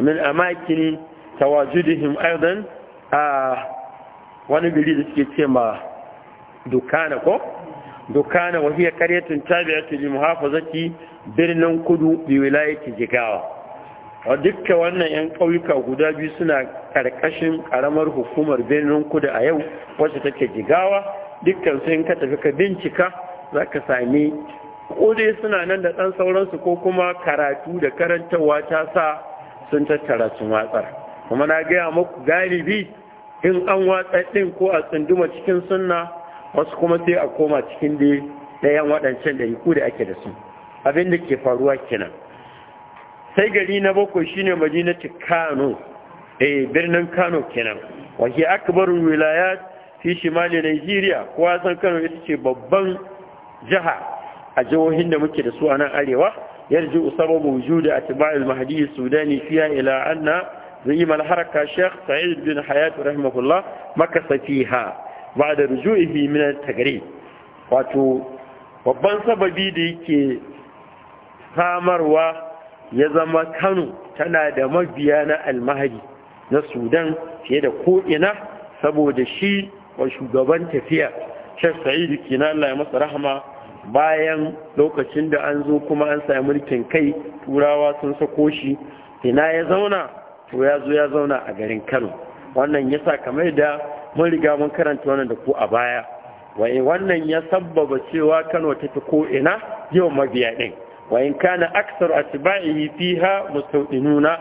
min amakin tawajudihim aidan a wani gari da suke ce ma dukana ko dukana wa hiya qaryatun tabi'atu li muhafazati birnin kudu bi wilayati jigawa a dukkan wannan yan kauyuka guda biyu suna karkashin karamar hukumar birnin kudu a yau wacce take jigawa dukkan sun ka tafi ka bincika zaka sami ko dai suna nan da ɗan sauransu ko kuma karatu da karantarwa ta sa sun tattara sun watsar kuma na gaya muku galibi in an watsa ɗin ko a tsunduma cikin sunna wasu kuma sai a koma cikin da ɗayan waɗancan da da ake da su abin da ke faruwa kenan sai gari na bakwai shine madinatu kano eh birnin kano kenan wahi akbarul wilayat fi shimali nigeria kowa san kano ita ce babban jiha a jihohin da muke da su a nan arewa yarji sababu wujudu atba'il mahdi sudani fiya ila anna زعيم الحركة bin سعيد بن حياة رحمه الله مكث فيها بعد رجوعه من التقريب wato babban sababi da yake samarwa ya zama kano tana da mabiya na almahadi na sudan fiye da ko'ina saboda shi wa shugaban tafiya shek sa'idu kina Allah ya masa rahama bayan lokacin da an zo kuma an sami mulkin kai turawa sun sako shi ina ya zauna to ya zo ya zauna a garin kano wannan ya sa kamar da mun riga mun karanta wannan da ku a baya wai wannan ya sabbaba cewa kano ta fi ko ina yau mabiya ɗin wayin kana aksar atba'ihi fiha mustawdinuna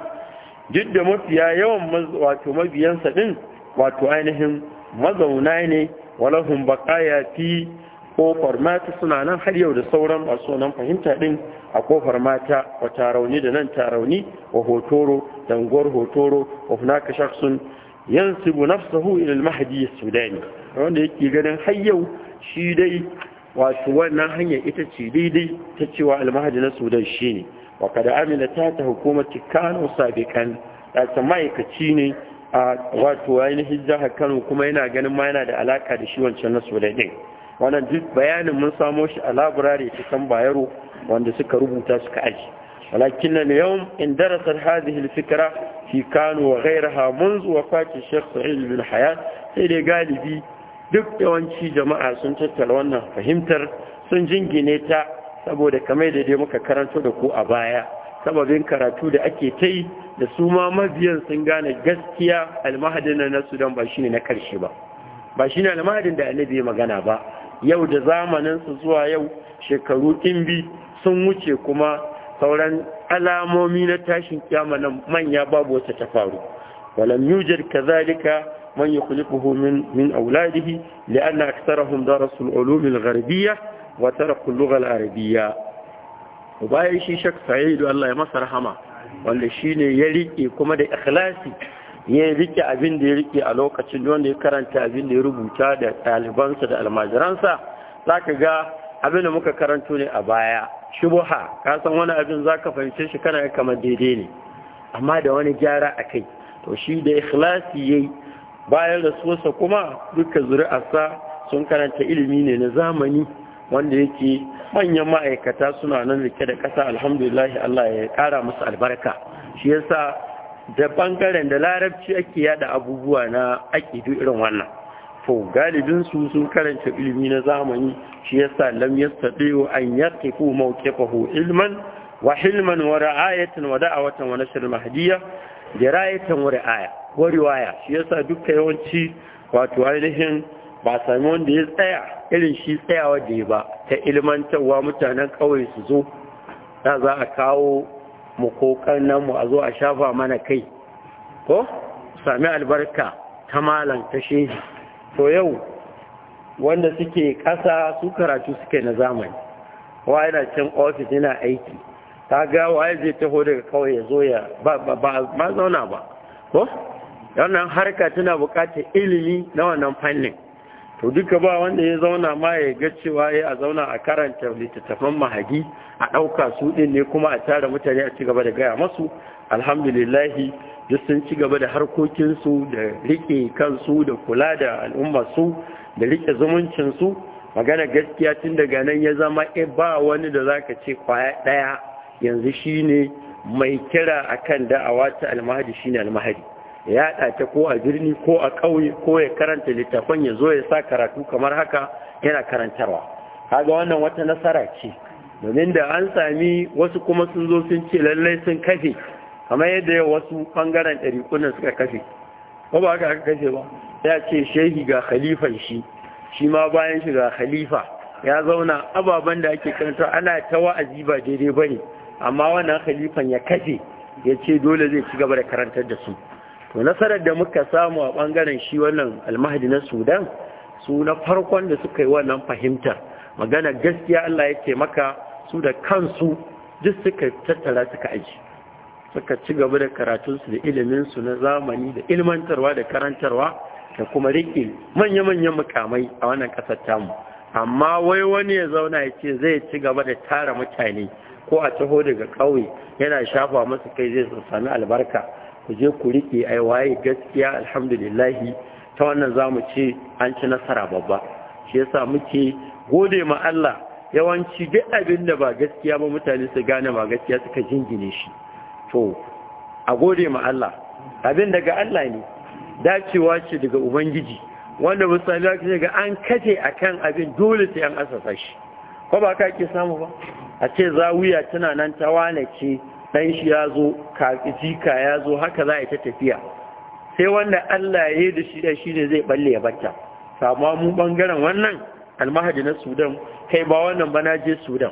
duk da mafiya yawan wato mabiyansa din wato ainihin mazauna ne walahum baqaya fi kofar mata suna nan har yau da sauran masu nan fahimta din a kofar mata wa tarauni da nan tarauni wa hotoro dangwar hotoro wa shaksun shakhsun yansibu nafsahu ila al ya sudani wanda yake ganin har yau shi dai wato wannan hanyar ita ce daidai ta cewa almahadi na sudan shine wa kada Amina ta ta hukumati kano kan ta ma'aikaci ne a wato ainihin jihar kano kuma yana ganin ma yana da alaka da shi wancan na sudan din wannan duk bayanin mun samo shi a laburare ta san bayero wanda suka rubuta suka aji Walakin in ولكن اليوم اندرست fi الفكرة في كانو وغيرها منذ وفاة sa'id bin hayat sai dai galibi duk yawanci jama'a sun tattala wannan fahimtar sun jingine ta saboda kamar da dai muka karanto da ku a baya sababin karatu da ake ta da su ma mabiyan sun gane gaskiya almahadin na sudan ba shine na karshe ba ba shine almahadin da annabi magana ba yau da zamaninsu zuwa yau shekaru ɗimbi sun wuce kuma sauran alamomi na tashin kiyama nan manya babu wata ta faru walam yujad kazalika man yukhliquhu min min awladihi li'anna aktharahum darasul ulum al-gharbiyyah wa taraku al-lugha al bayan shi shak sa'id Allah ya masa rahama wanda shine ya rike kuma da ikhlasi ya rike abin da ya rike a lokacin wanda ya karanta abin da ya rubuta da ɗalibansa da almajiransa za ka ga abin da muka karanto ne a baya Shi shubuha ka san wani abin za ka fahimce shi kana kamar daidai ne amma da wani gyara a kai to shi da ikhlasi yi bayan rasuwarsa kuma duka zuri'arsa sun karanta ilimi ne na zamani wanda yake manyan ma'aikata suna nan rike da ƙasa alhamdulillah Allah ya ƙara musu albarka shi yasa da bangaren da larabci ake yada abubuwa na aƙidu irin wannan to galibin su sun karanta ilimi na zamani shi yasa lam yastadiu an yaqifu mawqifahu ilman wa hilman wa ra'ayatan wa da'awatan wa nashr mahdiyya ra'ayatan wa ra'aya wa riwaya shi yasa duka yawanci wato ainihin ba sami wanda ya tsaya irin shi tsayawa da ya ba ta ilmantarwa mutanen kawai su zo da za a kawo mu kokarnan mu a zo a shafa mana kai ko sami albarka ta malam ta shehi to yau wanda suke kasa su karatu suke na zamani wa yana cin ofis yana aiki ta ga waye zai taho daga kawai ya zo ya ba zauna ba ko yannan harka tana bukatar ilimi na wannan fannin to duka ba wanda ya zauna ma ya ga cewa ya eh, a zauna a karanta littattafan mahagi a ɗauka su ɗin ne kuma a tara mutane a cigaba gaba da gaya masu alhamdulillahi duk sun ci gaba da harkokinsu da riƙe kansu da kula da al'ummarsu da riƙe zumuncinsu magana gaskiya tun daga nan ya zama e ba wani da za ka ce kwaya ɗaya yanzu shine mai kira akan da'awa ta almahadi shine almahadi ya ɗata ko a birni ko a ƙauye ko ya karanta littafan ya zo ya sa karatu kamar haka yana karantarwa Haga wannan wata nasara ce domin da an sami wasu kuma sun zo sun ce lallai sun kafe kamar yadda ya wasu ɓangaren ɗari ɗariƙunan suka kafe ko ba haka aka kafe ba ya ce shehi ga khalifan shi shi ma bayan shi ga khalifa ya zauna ababen da ake karanta ana ta wa'azi ba daidai ba ne amma wannan khalifan ya kafe ya ce dole zai ci gaba da karantar da su to nasarar da muka samu a bangaren shi wannan almahdi na sudan su na farkon da suka yi wannan fahimtar magana gaskiya Allah ya ce maka su da kansu duk suka tattara suka aji suka ci gaba da karatunsu da iliminsu na zamani da ilmantarwa da karantarwa da kuma riƙe manya-manyan mukamai a wannan ƙasar tamu amma wai wani ya zauna ya ce zai ci gaba da tara mutane ko a taho daga ƙauye yana shafa masu kai zai sami albarka ku je ku rike a waye gaskiya alhamdulillah ta wannan za mu ce an ci nasara babba shi yasa muke gode ma Allah yawanci duk abin da ba gaskiya ba mutane su gane ba gaskiya suka jingine shi to a gode ma Allah abin daga Allah ne dacewa ce daga ubangiji wanda misali ake ga an kace akan abin dole sai an asasa shi ko ba ka ke samu ba a ce zawiya tana nan ta wane ce dan shi ya zo jika ya zo haka za a yi ta tafiya sai wanda Allah ya yi da shi shi ne zai balle ya bata sama mu bangaren wannan almahadi na sudan kai ba wannan ba na je sudan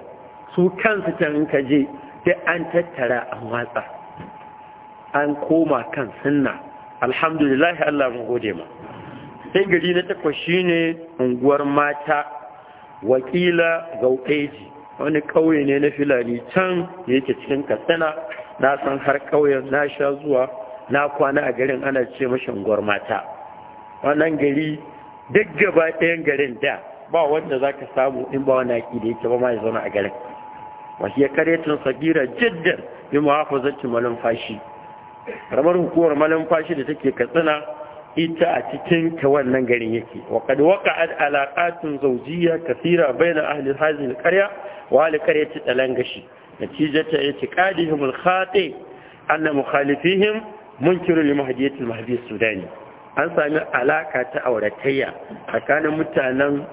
su kansu can ka je sai an tattara an watsa an koma kan sunna alhamdulillah Allah mu gode ma sai gari na takwas shine unguwar mata wakila Gaukaiji. wani kauye ne na filani can da yake cikin katsina na san har kauyen na sha zuwa na kwana a garin ana ce mashin gwarmata wannan gari duk gaba ɗayan garin da ba wanda za ka samu in ba wani haƙi da yake ba ma ya zauna a garin wasu ya tun sabira jiddar yi muhafazar fashi ramar hukumar fashi da take katsina ita a cikin ta wannan garin yake wa qad waqa'at alaqatun zawjiyya kathira baina ahli hadhihi alqarya wa ahli qaryati talangashi natijata itiqadihim alkhati anna mukhalifihim munkiru li almahdi sudani an sami alaka ta auratayya tsakanin mutanen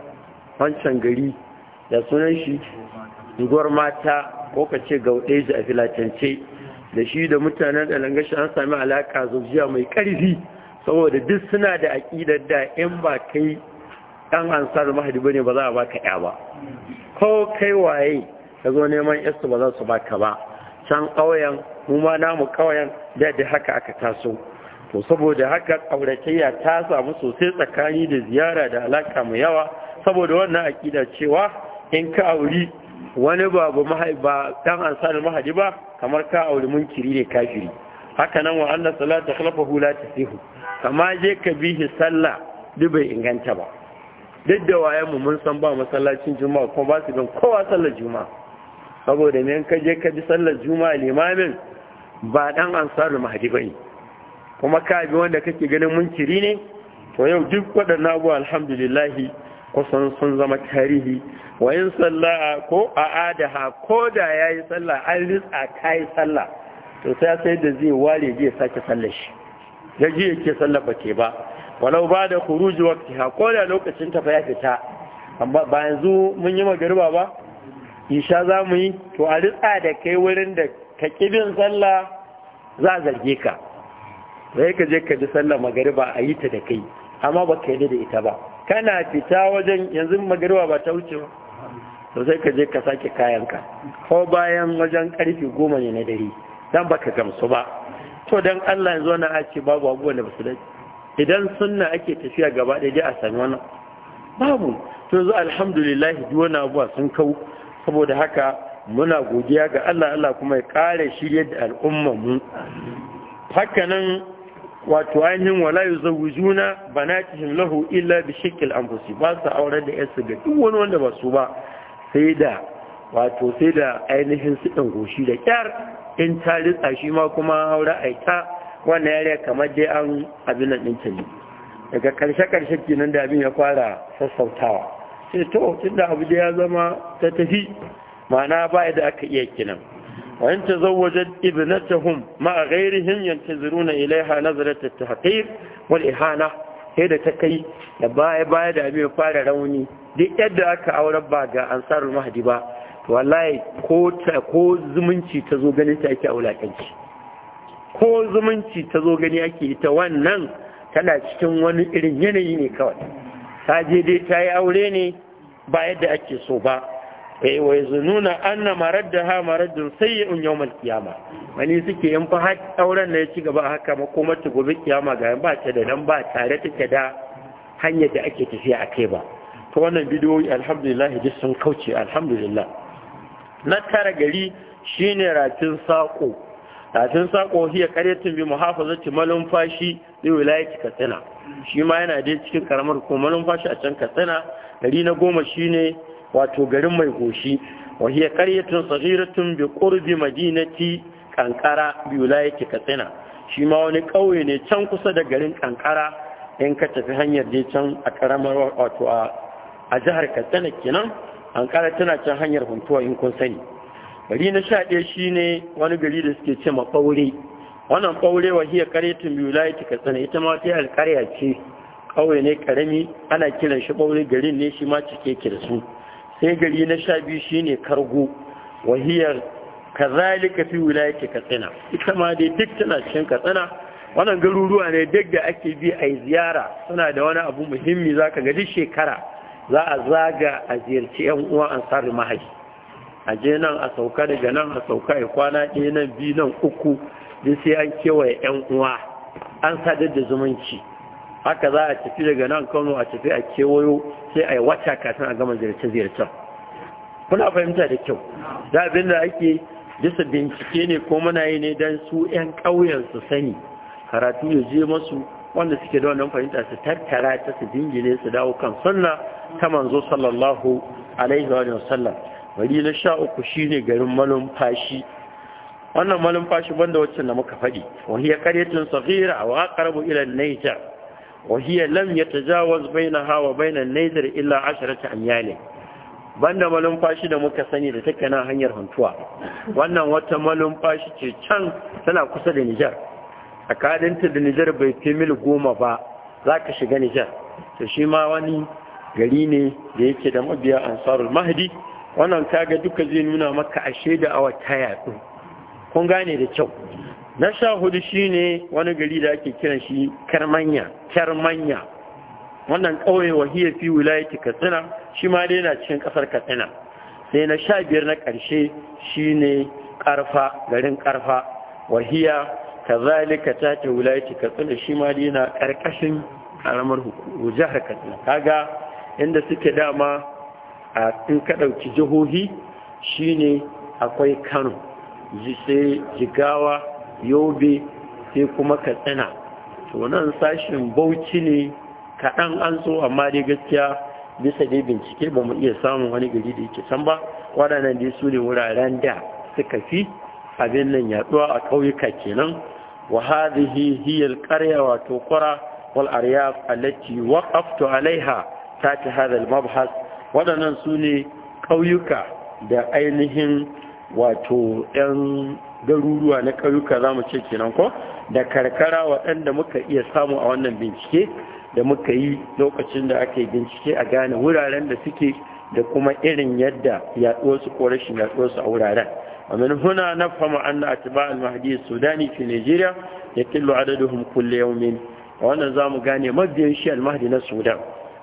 wancan gari da sunan shi unguwar mata ko ka ce gauɗe a filatance da shi da mutanen ɗalangashi an sami alaka zuciya mai ƙarfi saboda duk suna da aƙidar da in ba kai ɗan ansar mahadi bane ba za a baka ya ba ko kai waye ka zo neman yasu ba za su baka ba can ƙauyen mu ma namu ƙauyen da da haka aka taso to saboda haka auratayya ta samu sosai tsakani da ziyara da alaka mai yawa saboda wannan aƙida cewa in ka auri wani babu ba ɗan ansar mahadi ba kamar ka auri munkiri ne kafiri haka nan wa annas salatu khlafahu la tasihu kama je ka bi shi sallah duk bai inganta ba duk da wayan mu mun san ba masallacin juma'a kuma ba su don kowa sallar juma'a saboda ne ka je ka bi sallar juma'a limamin ba dan ansarul mahdi bane kuma ka bi wanda kake ganin kiri ne to yau duk waɗannan abubuwa alhamdulillah kusan sun zama tarihi wa yin sallah ko a adaha ko da yayi sallah an ritsa ta sallah to sai sai da zai ware zai sake sallar shi ya ji yake sallafa ba ke ba walau ba da kuruji ha ko da lokacin ta ya fita amma ba yanzu mun yi magariba ba isha za mu yi to a ritsa da kai wurin da ka kibin sallah za a zarge ka sai ka je ka ji sallah magariba a yi ta da kai amma ba ka da ita ba kana fita wajen yanzu magariba ba ta wuce ba to sai ka je ka sake kayanka ko bayan wajen karfe goma ne na dare dan baka gamsu ba to dan Allah yanzu wannan a babu abubuwan da ba dace idan sunna ake tafiya gaba ɗaya a sami wannan babu to zo alhamdulillah duk wannan abuwa sun kau saboda haka muna godiya ga Allah Allah kuma ya kare shirye da al'umma mu haka nan wato ainihin wala yuzawwijuna banatihim lahu illa bi shakil anfusi ba su aure da yarsu ga duk wani wanda ba su ba sai da wato sai da ainihin su dan goshi da kyar in ta ritsa shi ma kuma haura aita wannan yare kamar dai an abin nan ɗinta ne daga karshe-karshe kinan da abin ya fara sassautawa sai to tun da abu da ya zama ta tafi ma'ana ba da aka iya kinan wayan ta zawajen ibnatahum ma a yantaziruna ilaiha nazarar ta haƙir wal ihana sai da ta kai da baya baya da abin ya fara rauni duk yadda aka aure ba ga ansarul mahdi ba wallahi ko ko zumunci ta zo ganin ta ake aulakanci ko zumunci ta zo gani yake ita wannan tana cikin wani irin yanayi ne kawai ta je dai ta yi aure ne ba yadda ake so ba eh ha marar anna sai maraddun ya yawmal kiyama. wani suke yin fa auren na ya ci gaba haka makomar ta gobe kiyama ga ba ta da nan ba tare take da hanyar da ake tafiya a kai ba Ta wannan bidiyoyi alhamdulillah duk sun kauce alhamdulillah na tara gari shine ratin saƙo ratin saƙo hiya tun bi muhafazati malumfashi da wilayati katsina shi ma yana dai cikin karamar ko malumfashi a can katsina gari na goma shine wato garin mai goshi wa hiya ƙaryatun saghiratun bi qurbi madinati ƙanƙara bi wilayati katsina shi ma wani ƙauye ne can kusa da garin kankara in ka tafi hanyar je can a karamar wato a jihar katsina kenan ankara tana can hanyar huntuwa in kun sani gari na sha ɗaya shi ne wani gari da suke ce maɓaure wannan ɓaure wa hiya tun biyu ka tsana ita ma ta alƙarya ce ƙauye ne ƙarami ana kiran shi ɓaure garin ne shi ma cike kirsu da su sai gari na sha biyu shi ne kargo wa hiya ka fi ke katsina ita ma dai duk tana cikin katsina wannan garuruwa ne duk da ake bi a ziyara suna da wani abu muhimmi zaka ga duk shekara za a zaga a ziyarci yan uwa tsari mahai a je nan a sauka daga nan a sauka a kwana ɗaya nan biyu nan uku da sai an kewaye yan uwa an sadar da zumunci haka za a tafi daga nan kano a tafi a kewayo sai a yi wata kafin a gama ziyarce ziyarce kuna fahimta da kyau da abin da ake bisa bincike ne ko muna yi ne don su 'yan ƙauyen su sani karatu ya je masu wanda suke da wannan fahimta su tattara ta su jingine su dawo kan sunna ta manzo sallallahu alaihi wa sallam wani na sha uku shine garin malumfashi wannan malumfashi banda wacce da muka faɗi wa hiya qaryatun saghira wa aqrabu ila an-najda wa hiya lam yatajawaz bainaha wa hawa an-najdar illa 10 amyal banda malumfashi da muka sani da take nan hanyar hantuwa. wannan wata malumfashi ce can tana kusa da Nijar tsakaninta da nijar bai fi mil goma ba za ka shiga nijar to shi ma wani gari ne da yake da mabiya ansarul mahdi wannan kaga duka zai nuna maka ashe da awa ta yaɗu kun gane da kyau na sha hudu shine wani gari da ake kiran shi karmanya karmanya wannan ƙauye wahiyar fi wilayati katsina shi ma dai na cikin ƙasar katsina sai na sha biyar na ƙarshe shine ƙarfa garin ƙarfa wahiya kazalika ta ce wulayati katsina shi ma yana karkashin karamar jihar katsina kaga inda suke dama a in ka jihohi shine akwai Kano sai Jigawa Yobe sai kuma Katsina to nan sashin Bauchi ne kaɗan an so amma dai gaskiya bisa dai bincike ba mu iya samun wani gari da yake san ba waɗannan dai su ne wuraren da suka fi abin nan yaduwa a ƙauyuka kenan wa hadhihi hiya kwara, wa tuqra wal aryaf allati waqaftu alaiha ta hadha al-mabhas sune ƙauyuka da ainihin wato yan garuruwa na za zamu ce kenan ko da karkara waɗanda muka iya samu a wannan bincike da muka yi lokacin da aka yi bincike a gane wuraren da suke da kuma irin yadda yaɗuwarsu ko rashin yaɗuwarsu a wuraren ومن هنا نفهم أن أتباع المهدي السوداني في نيجيريا يقل عددهم كل يوم وأنا زام قاني مبدي شيء المهدي السودان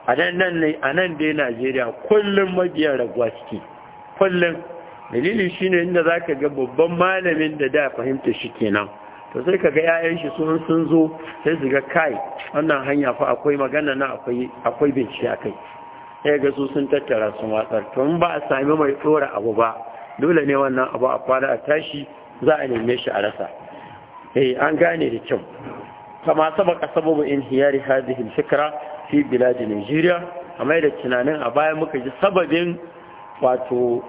nan dai Najeriya kullum mabiya raguwa ciki kullum dalili shine inda zaka ga babban malamin da da fahimta shi kenan to sai kaga yayan shi sun sun zo sai su ga kai wannan hanya fa akwai magana na akwai akwai bincike akai sai ga su sun tattara sun watsar to ba a sami mai tsora abu ba dole ne wannan abu a kwana a tashi za a neme shi a rasa eh an gane da kyau kama sabaka sababu in hiyari hadhihi fikra fi bilad Najeriya, a da tunanin a baya muka ji sababin wato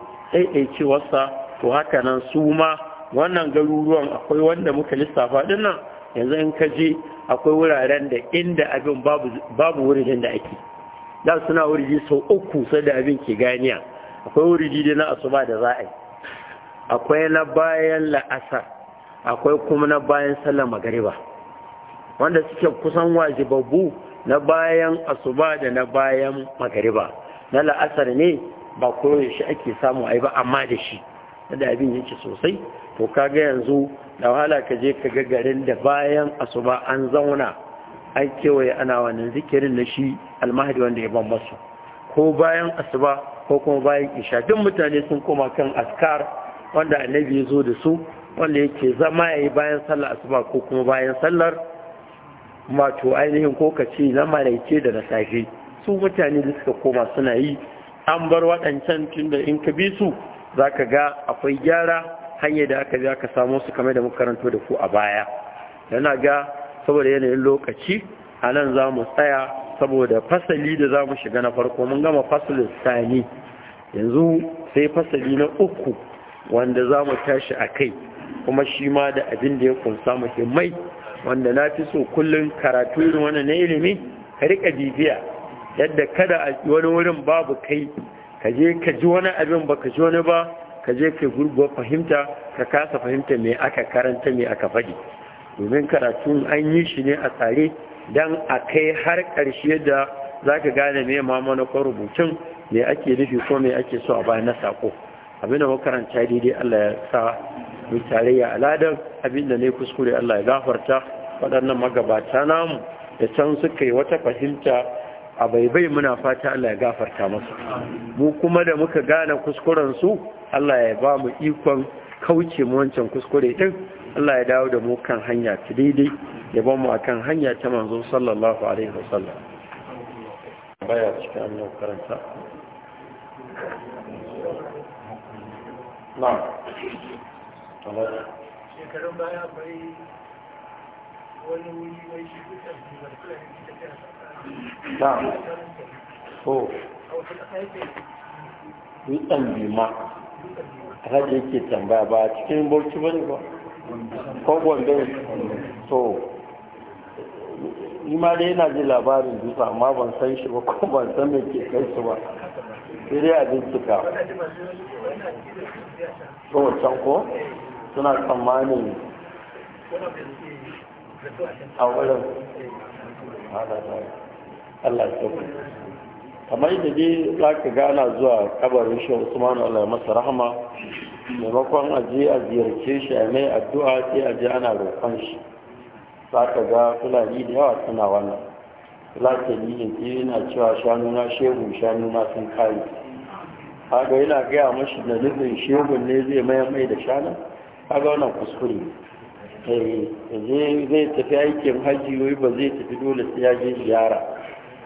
wasa, to haka nan su ma wannan garuruwan akwai wanda muka lissafa dinnan yanzu in ka je akwai wuraren da inda abin babu wurin da ake da suna wurji sau uku sai da abin ke ganiya akwai wuri didi na asuba da za a yi akwai na bayan la'asar akwai kuma na bayan sallar magariba wanda suke kusan wajibabbu na bayan asuba da na bayan magariba na la'asar ne ba koyaushe ake samu ai ba amma da shi Na da abin yake sosai to kaga yanzu da wahala ka je ka ga garin da bayan asuba an zauna an kewaye ana wannan zikirin na shi almahadi wanda ya ban masu ko bayan asuba ko kuma bayan isha duk mutane sun koma kan askar wanda annabi ya zo da su wanda yake zama ya yi bayan sallar asuba ko kuma bayan sallar mato ainihin ko ka ce na malaice da na safe su mutane da suka koma suna yi an bar waɗancan tun da in ka bi su za ka ga akwai gyara hanyar da aka bi aka samu su kamar da makaranto da ku a baya yana ga saboda yanayin lokaci a nan za mu tsaya saboda fasali da za mu shiga na farko mun gama fasalin sani yanzu sai fasali na uku wanda za mu tashi a kai kuma shi ma da abin da ya kunsa muhimmai wanda na fi so kullum karatu irin wani na ilimi ka riƙa bibiya yadda kada a wani wurin babu kai ka je ka ji wani abin ba ka ji wani ba ka je ka gurguwa fahimta ka kasa fahimta mai aka karanta mai aka faɗi domin karatun an yi shi ne a tsare Dan a kai har ƙarshe da za ka gane mai mamanakon rubutun mai ake nufi ko mai ake so a bayan na sako abin da makaranta daidai Allah ya sa mu ya aladar abin da ne kuskure Allah ya gafarta waɗannan magabata namu da can suka yi wata fahimta a baibai muna fata Allah ya gafarta masu mu kuma da muka gane kuskuren su Allah ya ba mu ikon kauce mu wancan kuskure din Allah ya dawo da mu kan hanya ta daidai ya ba mu akan hanya ta manzo sallallahu alaihi wasallam baya cikin annabawa karanta na'am shekarun baya bai wani wuri mai shi kusa da da ta ko a wata kasa ke bima alhaji yake tambaya ba cikin burki bane ba ko so ima ma dai yana ji labarin dutse amma ban san shi ba ko ban san me ke kai su ba sai dai a bincika so can ko suna tsammanin a wurin Allah ya kamar yadda dai za ka gana zuwa kabarin shi Usman Allah ya masa rahama maimakon a je a ziyarce shi a mai addu'a sai a je ana roƙon shi za ka ga fulani da yawa suna wannan fulatani ne yana cewa shanu na shehu na sun kare kaga yana gaya mashi da nufin shehun ne zai mai mai da shanu kaga wannan kuskure eh, zai tafi aikin hajji wai ba zai tafi dole sai ya je ziyara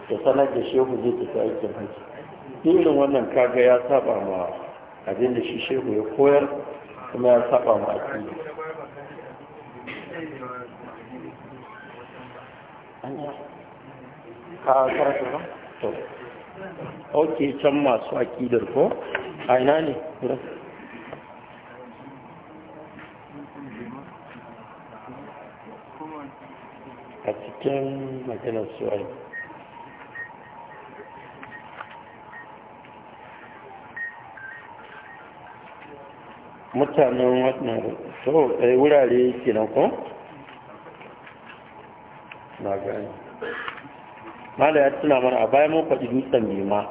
da sanar da shehu zai tafi aikin hajji irin wannan kaga ya saba ma abin da shi shehu ya koyar kuma ya saba mu aƙida ka karatu ba? to ok can masu aƙidar ko a ina ne a cikin maganar suwayi mutanen wannan so eh, wurare kenan ko na gani mala ya tuna mana a bayan mun faɗi dutsen bima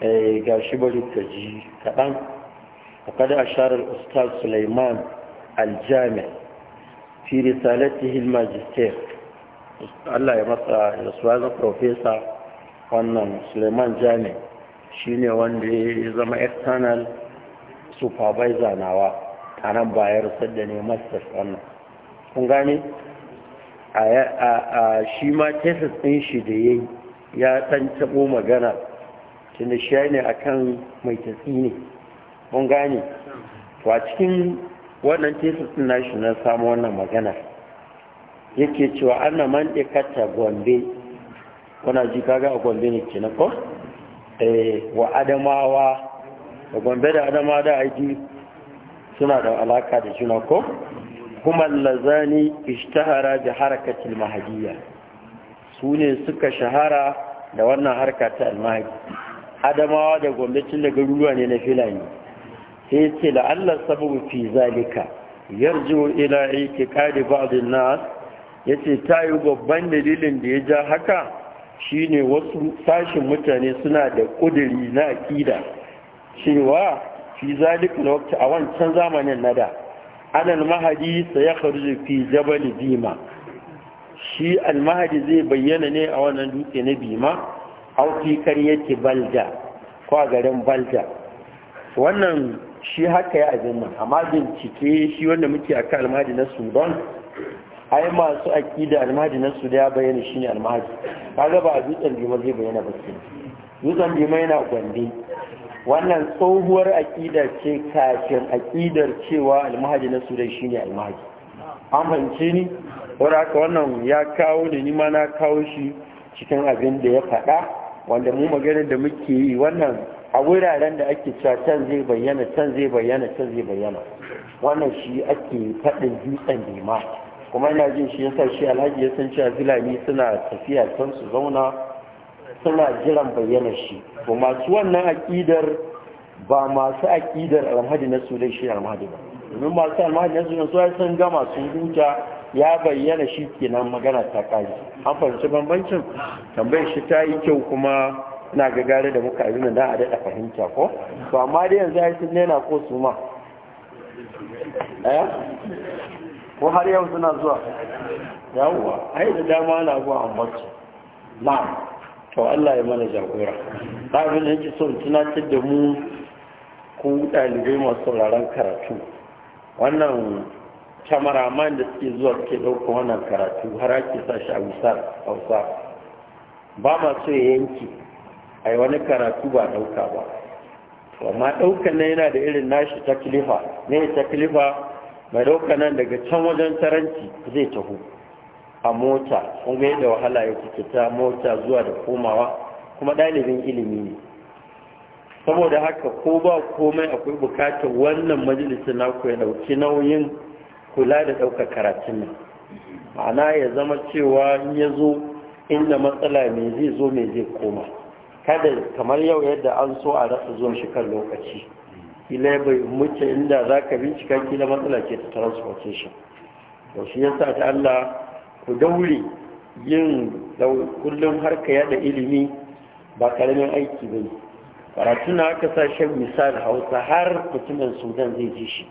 eh, ga shi bari ta ji kaɗan a kada a sharar ustaz suleiman aljami fi hil magister Allah ya matsa da suwazin profesa wannan suleiman jami shi ne wanda ya zama external supervisor nawa a nan bayar da ne masters wannan kun gane a shi ma tesis ɗin shi da ya yi ya ɗan taɓo magana tunda shi ne a mai tatsi ne kun gane to a cikin wannan tesis ɗin nashi na samu wannan magana yake cewa ana man kata gombe kuna ji kaga a gombe ne ke na ko eh, wa adamawa da gombe da adama da aiki suna da alaka da juna ko kuma lazani ishtahara da harakatul mahadiyya su ne suka shahara da wannan harka ta almahadi adamawa da gombe tun da garuruwa ne na filani sai ce fiza sabu fi zalika yarju ila aiki kadi ba'adun nas ya ce ta babban dalilin da ya ja haka shine wasu sashin mutane suna da ƙudiri na aƙida cewa fi na waqti a wancan zamanin na da anal ya sayakhruju fi jabal bima shi almahadi zai bayyana ne a wannan dutse na bima au fi karyati balda ko a garin balda wannan shi haka ya abin nan amma bincike shi wanda muke aka al almahadi na sudan ai masu akida almahadi na sudan ya bayyana shi ne almahadi kaga ba a dutsen bima zai bayyana ba ke dutsen bima yana gwande wannan tsohuwar aƙida ce kafin aƙidar cewa almahaji na shi ne almahaji an fahimce ni wadda wannan ya kawo da ni na kawo shi cikin abin da ya faɗa wanda mu maganar da muke yi wannan a wuraren da ake cewa can zai bayyana can zai bayyana can zai bayyana wannan shi ake faɗin dutsen nema kuma ina jin shi yasa shi alhaji ya san cewa zilani suna tafiya can su zauna suna jiran bayyana shi to masu wannan aƙidar ba masu aƙidar alhaji na su dai shi alhaji ba domin masu alhaji na su ne sun gama sun huta ya bayyana shi kenan magana ta kai an fahimci bambancin tambayar shi ta yi kyau kuma na gagare da muka abin da a daɗa fahimta ko to amma dai yanzu ya sun nena ko su ma eh? ko har yau suna zuwa yawwa ai da dama na zuwa an bacci na'am to Allah ya mana jagora abin da yake so tunatar da mu ku ɗalibai masu sauraron karatu wannan kyamaraman da suke zuwa suke ɗauka wannan karatu har ake sa shi a wusa hausa ba ma so ya yanke a wani karatu ba ɗauka ba amma ɗaukan nan yana da irin nashi taklifa ne taklifa mai ɗauka nan daga can wajen taranci zai taho a mota kun ga da wahala ya ta mota zuwa da komawa kuma ɗalibin ilimi ne saboda haka ko ba komai akwai bukatar wannan majalisar naku ya ɗauki nauyin kula da ɗaukar karatun nan ma'ana ya zama cewa in ya zo inda matsala mai zai zo mai zai koma kada kamar yau yadda an so a rasa zuwan shi kan lokaci kila bai mutu inda za ka bincika kila matsala ce ta transportation Yaushe shi yasa ta Allah ku daure yin kullum ka yada ilimi ba karamin aiki ba ne karatu na aka sa shan misal hausa har mutumin sudan zai ji shi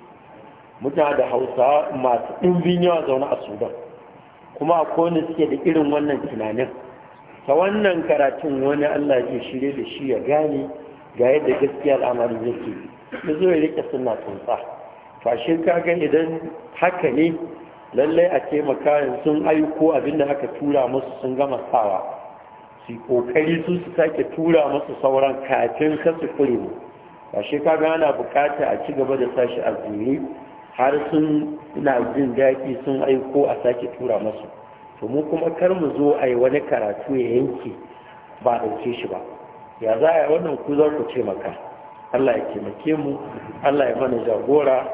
mutane da hausa masu ɗumbin yawa zaune a sudan kuma a kone suke da irin wannan tunanin ta wannan karatun wani allah zai shirya da shi ya gane ga yadda gaskiya al'amarin yake ya zo ya rike suna tunsa fashin kaga idan haka ne lallai a taimaka sun aiko abinda aka tura musu sun gama sawa su kokari su su sake tura musu sauran kafin ka su kure ba shi ka gana bukata a ci gaba da sashi a zuri har sun na jin daki sun aiko a sake tura musu to mu kuma kar mu zo a yi wani karatu ya yanke ba a ɗauke shi ba ya za a yi wannan ku za ku taimaka Allah ya taimake mu Allah ya mana jagora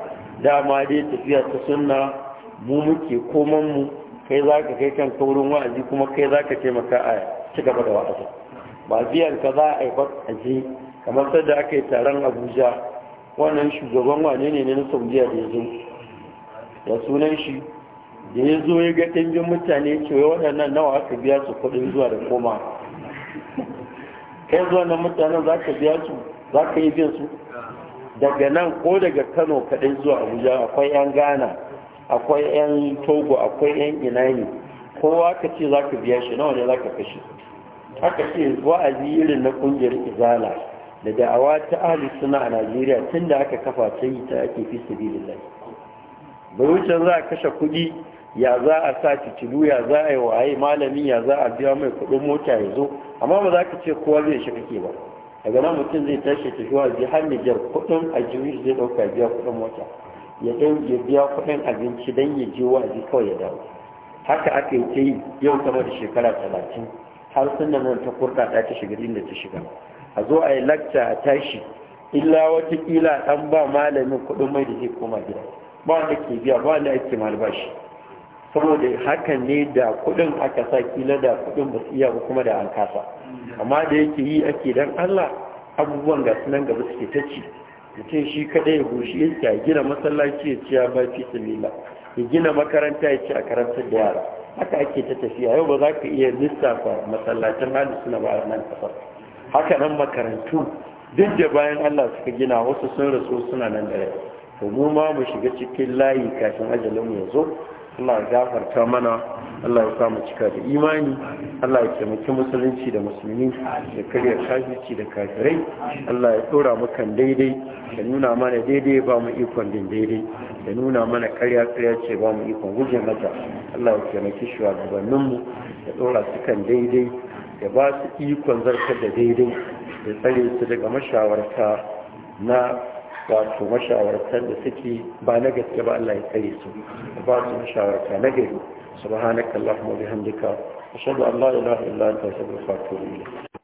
dama dai tafiya ta sunna mu muke koman mu kai za ka kai kan kaurin wa'azi kuma kai za ka taimaka a ci gaba da wa'azi ba biyan ka za a yi ba a je kamar sadda aka yi taron abuja wannan shugaban wane ne na saudiya da ya zo da sunan shi da ya zo ya ga ɗanjin mutane cewa waɗannan nawa aka biya su kuɗin zuwa da koma kai zuwa na mutane za ka biya su za ka yi biyan su daga nan ko daga kano kaɗai zuwa abuja akwai yan ghana akwai 'yan togo akwai 'yan inani kowa ka ce za ka biya shi nawa ne za ka kashe haka ce wa'azi irin na kungiyar izala da da'awa ta ahli suna a najeriya tun da aka kafa ta yi ta ake fi lai bai wuce za a kashe kudi ya za a sa titilu ya za a yi waye malami ya za a biya mai kudin mota ya zo amma ba za ka ce kowa zai shi kake ba daga nan mutum zai tashi tafiya zai har nijar kuɗin a zai ɗauka biya kudin mota ya biya kuɗin abinci don ya je waje kawai ya dawo haka aka yi yi yau sama da shekara talatin har da nan ta kurɗa ta ta shiga inda ta shiga a zo a yi lakta a tashi illa watakila ɗan ba malamin kuɗin mai da zai koma gida ba wanda ke biya ba wanda ake malbashi saboda haka ne da kuɗin aka sa kila da kuɗin ba su iya ba kuma da an kasa amma da yake yi ake dan allah abubuwan ga nan gaba suke ta ci ya shi kadai ya goshi ya gina masallaci ya ce ya ba fi sabila ya gina makaranta ya ci a karantar da yara haka ake ta tafiya yau ba za ka iya lissafa masallacin halin suna ba a nan kasar haka nan makarantu duk da bayan allah suka gina wasu sun rasu suna nan da rai to mu ma mu shiga cikin layi kafin ajalin mu ya zo Allah ya gafarta mana Allah ya samu cika da imani Allah ya taimaki musulunci da musulmi da karya kafirci da kafirai Allah ya tsora mu daidai ya nuna mana daidai ba mu ikon din daidai ya nuna mana karya karya ce ba mu ikon guje mata Allah ya taimaki shugabannin mu ya tsora su kan daidai ya ba su ikon zarkar da daidai ya tsare su daga mashawarta na wato mashawartan da suke ba na gaske ba Allah ya tsare su ba su mashawarta na gari subhanakallahumma wa bihamdika ashhadu an la ilaha illa anta astaghfiruka wa atubu ilayk